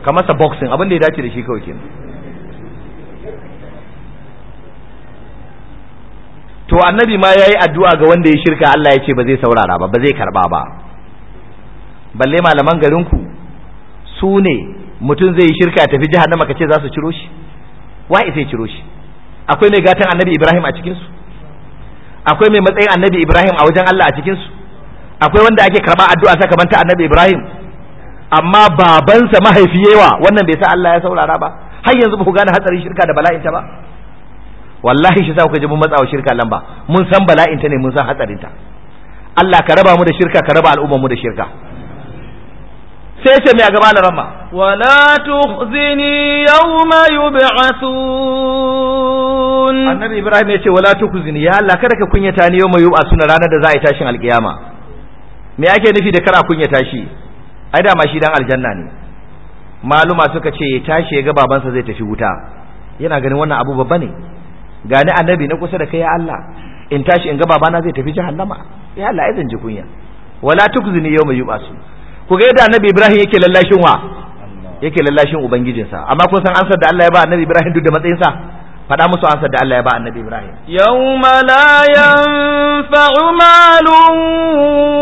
ka masa boxing abin da ya dace da shi kawai kenan to annabi ma yayi addu'a ga wanda ya shirka Allah ya ce ba zai saurara ba ba zai karba ba balle malaman garinku su ne mutum zai yi shirka tafi jahannama ka ce za su ciro shi wa sai ciro shi akwai mai gatan annabi ibrahim a cikinsu akwai mai matsayin annabi ibrahim a wajen allah a cikinsu akwai wanda ake karɓa addu'a sakamanta annabi ibrahim amma babansa mahaifi yawa wannan bai sa allah ya saurara ba har yanzu ba ku gane hatsarin shirka da bala'inta ta ba wallahi shi sa kuka ji mun matsawa shirka lamba mun san bala'in ta ne mun san hatsarin ta allah ka raba mu da shirka ka raba al'ummar mu da shirka sai ce mai a gaba da rama wala tukhzini yawma yub'athun annabi ibrahim ya ce wala tukhzini ya Allah kada ka kunyata ni yawma yub'athun ranar da za a yi tashin alkiyama me ake nufi da kada kunyata shi ai da ma shi dan aljanna ne maluma suka ce tashi ya ga babansa zai tafi wuta yana ganin wannan abu babba ne gani annabi na kusa da kai ya Allah in tashi in ga babana zai tafi jahannama ya Allah ai zan ji kunya wala tukhzini yawma yub'athun ku ga yadda annabi ibrahim yake lallashin wa yake lallashin ubangijinsa amma kun san ansar da Allah ya ba annabi ibrahim duk da matsayinsa faɗa musu ansar da Allah ya ba annabi ibrahim yawma la yanfa'u malun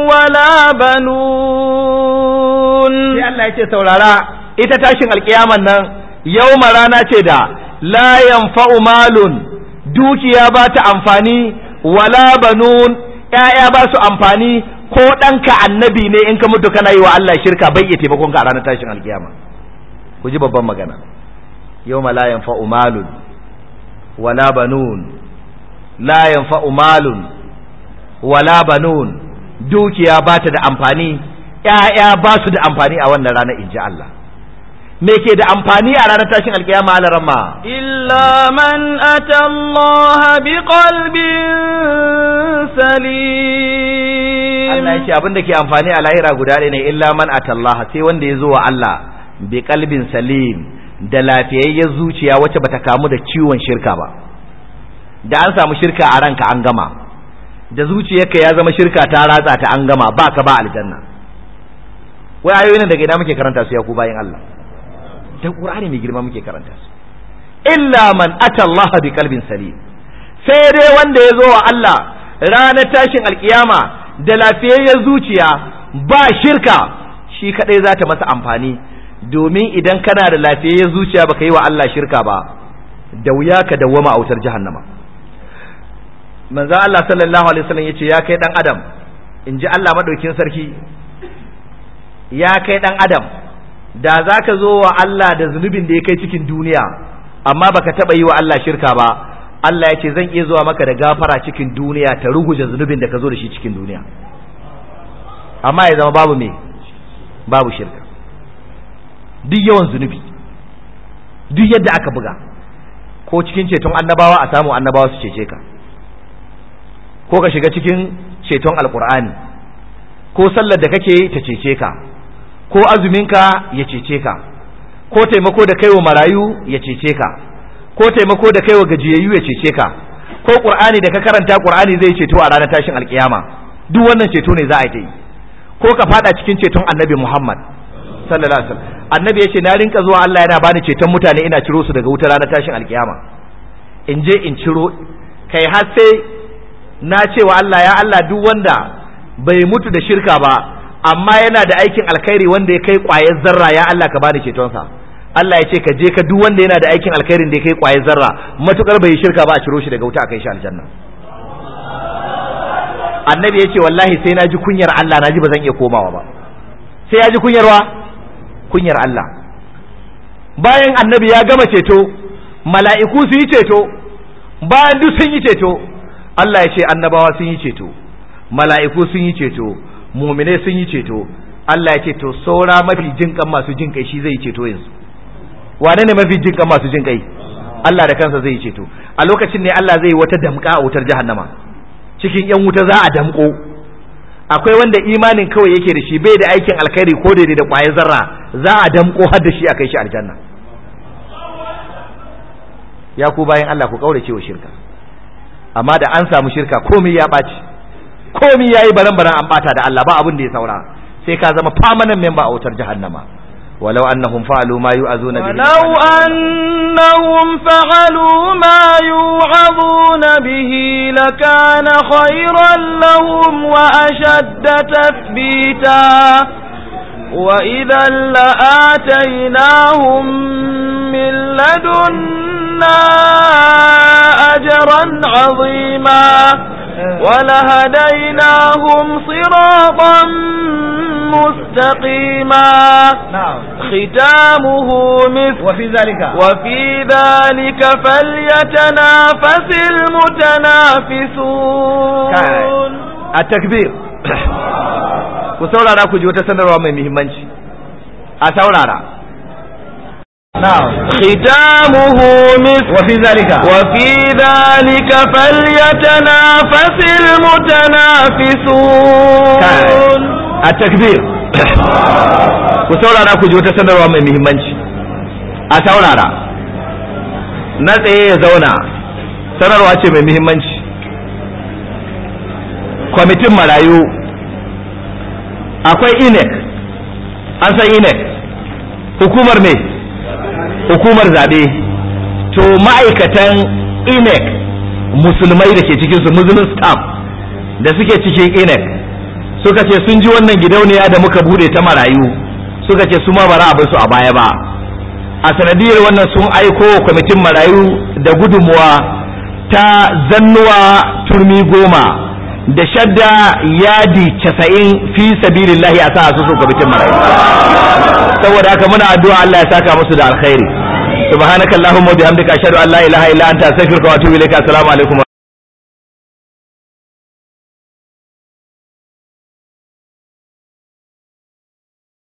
wala banun sai Allah yake saurara ita tashin alkiyaman nan yawma rana ce da la yanfa'u malun dukiya ba ta amfani wala banun ƴaƴa ba su amfani ko ɗanka annabi ne in ka mutu kana yi wa Allah shirka bai iya taimakon ka a ranar tashin alkiyama ku ji babban magana yau ma layan fa Umalun wala banun layan fa Umalun wala banun dukiya ba ta da amfani ƴaƴa ba su da amfani a wannan rana in ji Allah me ke da amfani a ranar tashin alkiyama a larama illa man atallaha biqalbin salim Allah ya ce abin da ke amfani a lahira guda ɗaya ne illa man atallaha sai wanda ya zo wa Allah bi kalbin salim da lafiyayyen zuciya wacce bata kamu da ciwon shirka ba da an samu shirka a ranka an gama da zuciyarka ya zama shirka ta ratsa ta an gama ba ka ba aljanna wai ayoyin daga ina muke karanta su ya ku bayin Allah da Qur'ani mai girma muke karanta su illa man atallaha bi kalbin salim sai dai wanda ya zo wa Allah ranar tashin alkiyama da lafiyayyar zuciya ba shirka shi kadai za ta masa amfani domin idan kana da lafiyayyar zuciya baka yi wa Allah shirka ba da wuya ka dawwama a wutar jahannama manzo Allah sallallahu alaihi wasallam yace ya kai dan adam in ji Allah madaukin sarki ya kai dan adam da zaka zo wa Allah da zunubin da ya kai cikin duniya amma baka taba yi wa Allah shirka ba Allah ya ce zan iya zuwa maka da gafara cikin duniya ta ruguje zunubin da ka zo da shi cikin duniya amma ya zama babu me babu shirka duk yawan zunubi duk yadda aka buga ko cikin ceton annabawa a samu annabawa su cece ka ko ka shiga cikin ceton alkur'ani ko sallar da kake ta cece ka ko azuminka ya cece ka ko taimako da kaiwa marayu ya cece ka ko taimako da kaiwa gajiyayyu ya cece ka ko qur'ani da ka karanta qur'ani zai ceto a ranar tashin alkiyama duk wannan ceto ne za a yi ko ka fada cikin ceton annabi Muhammad sallallahu alaihi wasallam annabi yace na rinka zuwa Allah yana bani ceton mutane ina ciro su daga wutar ranar tashin alkiyama in je in ciro kai har sai na cewa Allah ya Allah duk wanda bai mutu da shirka ba amma yana da aikin alkhairi wanda ya kai kwayar zarra ya Allah ka bani cetonsa Allah ya ce ka je ka duk wanda yana da aikin alkhairin da ya kai kwaye zarra matukar bai shirka ba a ciro shi daga wuta a kai shi aljanna annabi ya ce wallahi sai na ji kunyar Allah na ji ba zan iya komawa ba sai ya ji kunyar wa kunyar Allah bayan annabi ya gama ceto mala'iku su yi ceto bayan duk sun yi ceto Allah ya ce annabawa sun yi ceto mala'iku sun yi ceto muminai sun yi ceto Allah ya ce to saura mafi jinkan masu jinkai shi zai ceto yanzu wane ne mafi jin kan masu jin kai Allah da kansa zai ceto a lokacin ne Allah zai wata damka a wutar jahannama cikin yan wuta za a damko akwai wanda imanin kawai yake da shi bai da aikin alkhairi ko daidai da kwaye zarra za a damko har da shi a kai shi aljanna ya ku bayan Allah ku kaurace wa shirka amma da an samu shirka komai ya baci komai yayi baran-baran an bata da Allah ba abin da ya saura sai ka zama permanent member a wutar jahannama ولو أنهم فعلوا ما يؤذون به ولو أنهم فعلوا ما يوعظون به لكان خيرا لهم وأشد تثبيتا وإذا لآتيناهم من لدنا أجرا عظيما ولهديناهم صراطا مستقيما نعم ختامه مثل وفي ذلك وفي ذلك فليتنافس المتنافسون التكبير ku saurara ku ji wata sanarwa mai muhimmanci a saurara ختامه مثل وفي ذلك وفي ذلك فليتنافس المتنافسون a takbir ku saurara ku ji wata sanarwa mai muhimmanci a saurara na tsaye ya zauna sanarwa ce mai muhimmanci kwamitin marayu akwai inec an san inec hukumar me hukumar zaɓe to ma'aikatan inec musulmai da ke cikinsu muslim staff da suke cikin inec suka ce sun ji wannan gidauniya da muka bude ta marayu suka ce su ma bara abin su a baya ba a sanadiyar wannan sun aiko kwamitin marayu da gudunmuwa ta zannuwa turmi goma da shadda yadi casa'in fi sabilillahi a sa su kwamitin marayu saboda haka muna addu'a Allah ya saka musu da alkhairi subhanakallahumma wa bihamdika ashhadu an la ilaha illa anta astaghfiruka wa atubu ilaika assalamu alaikum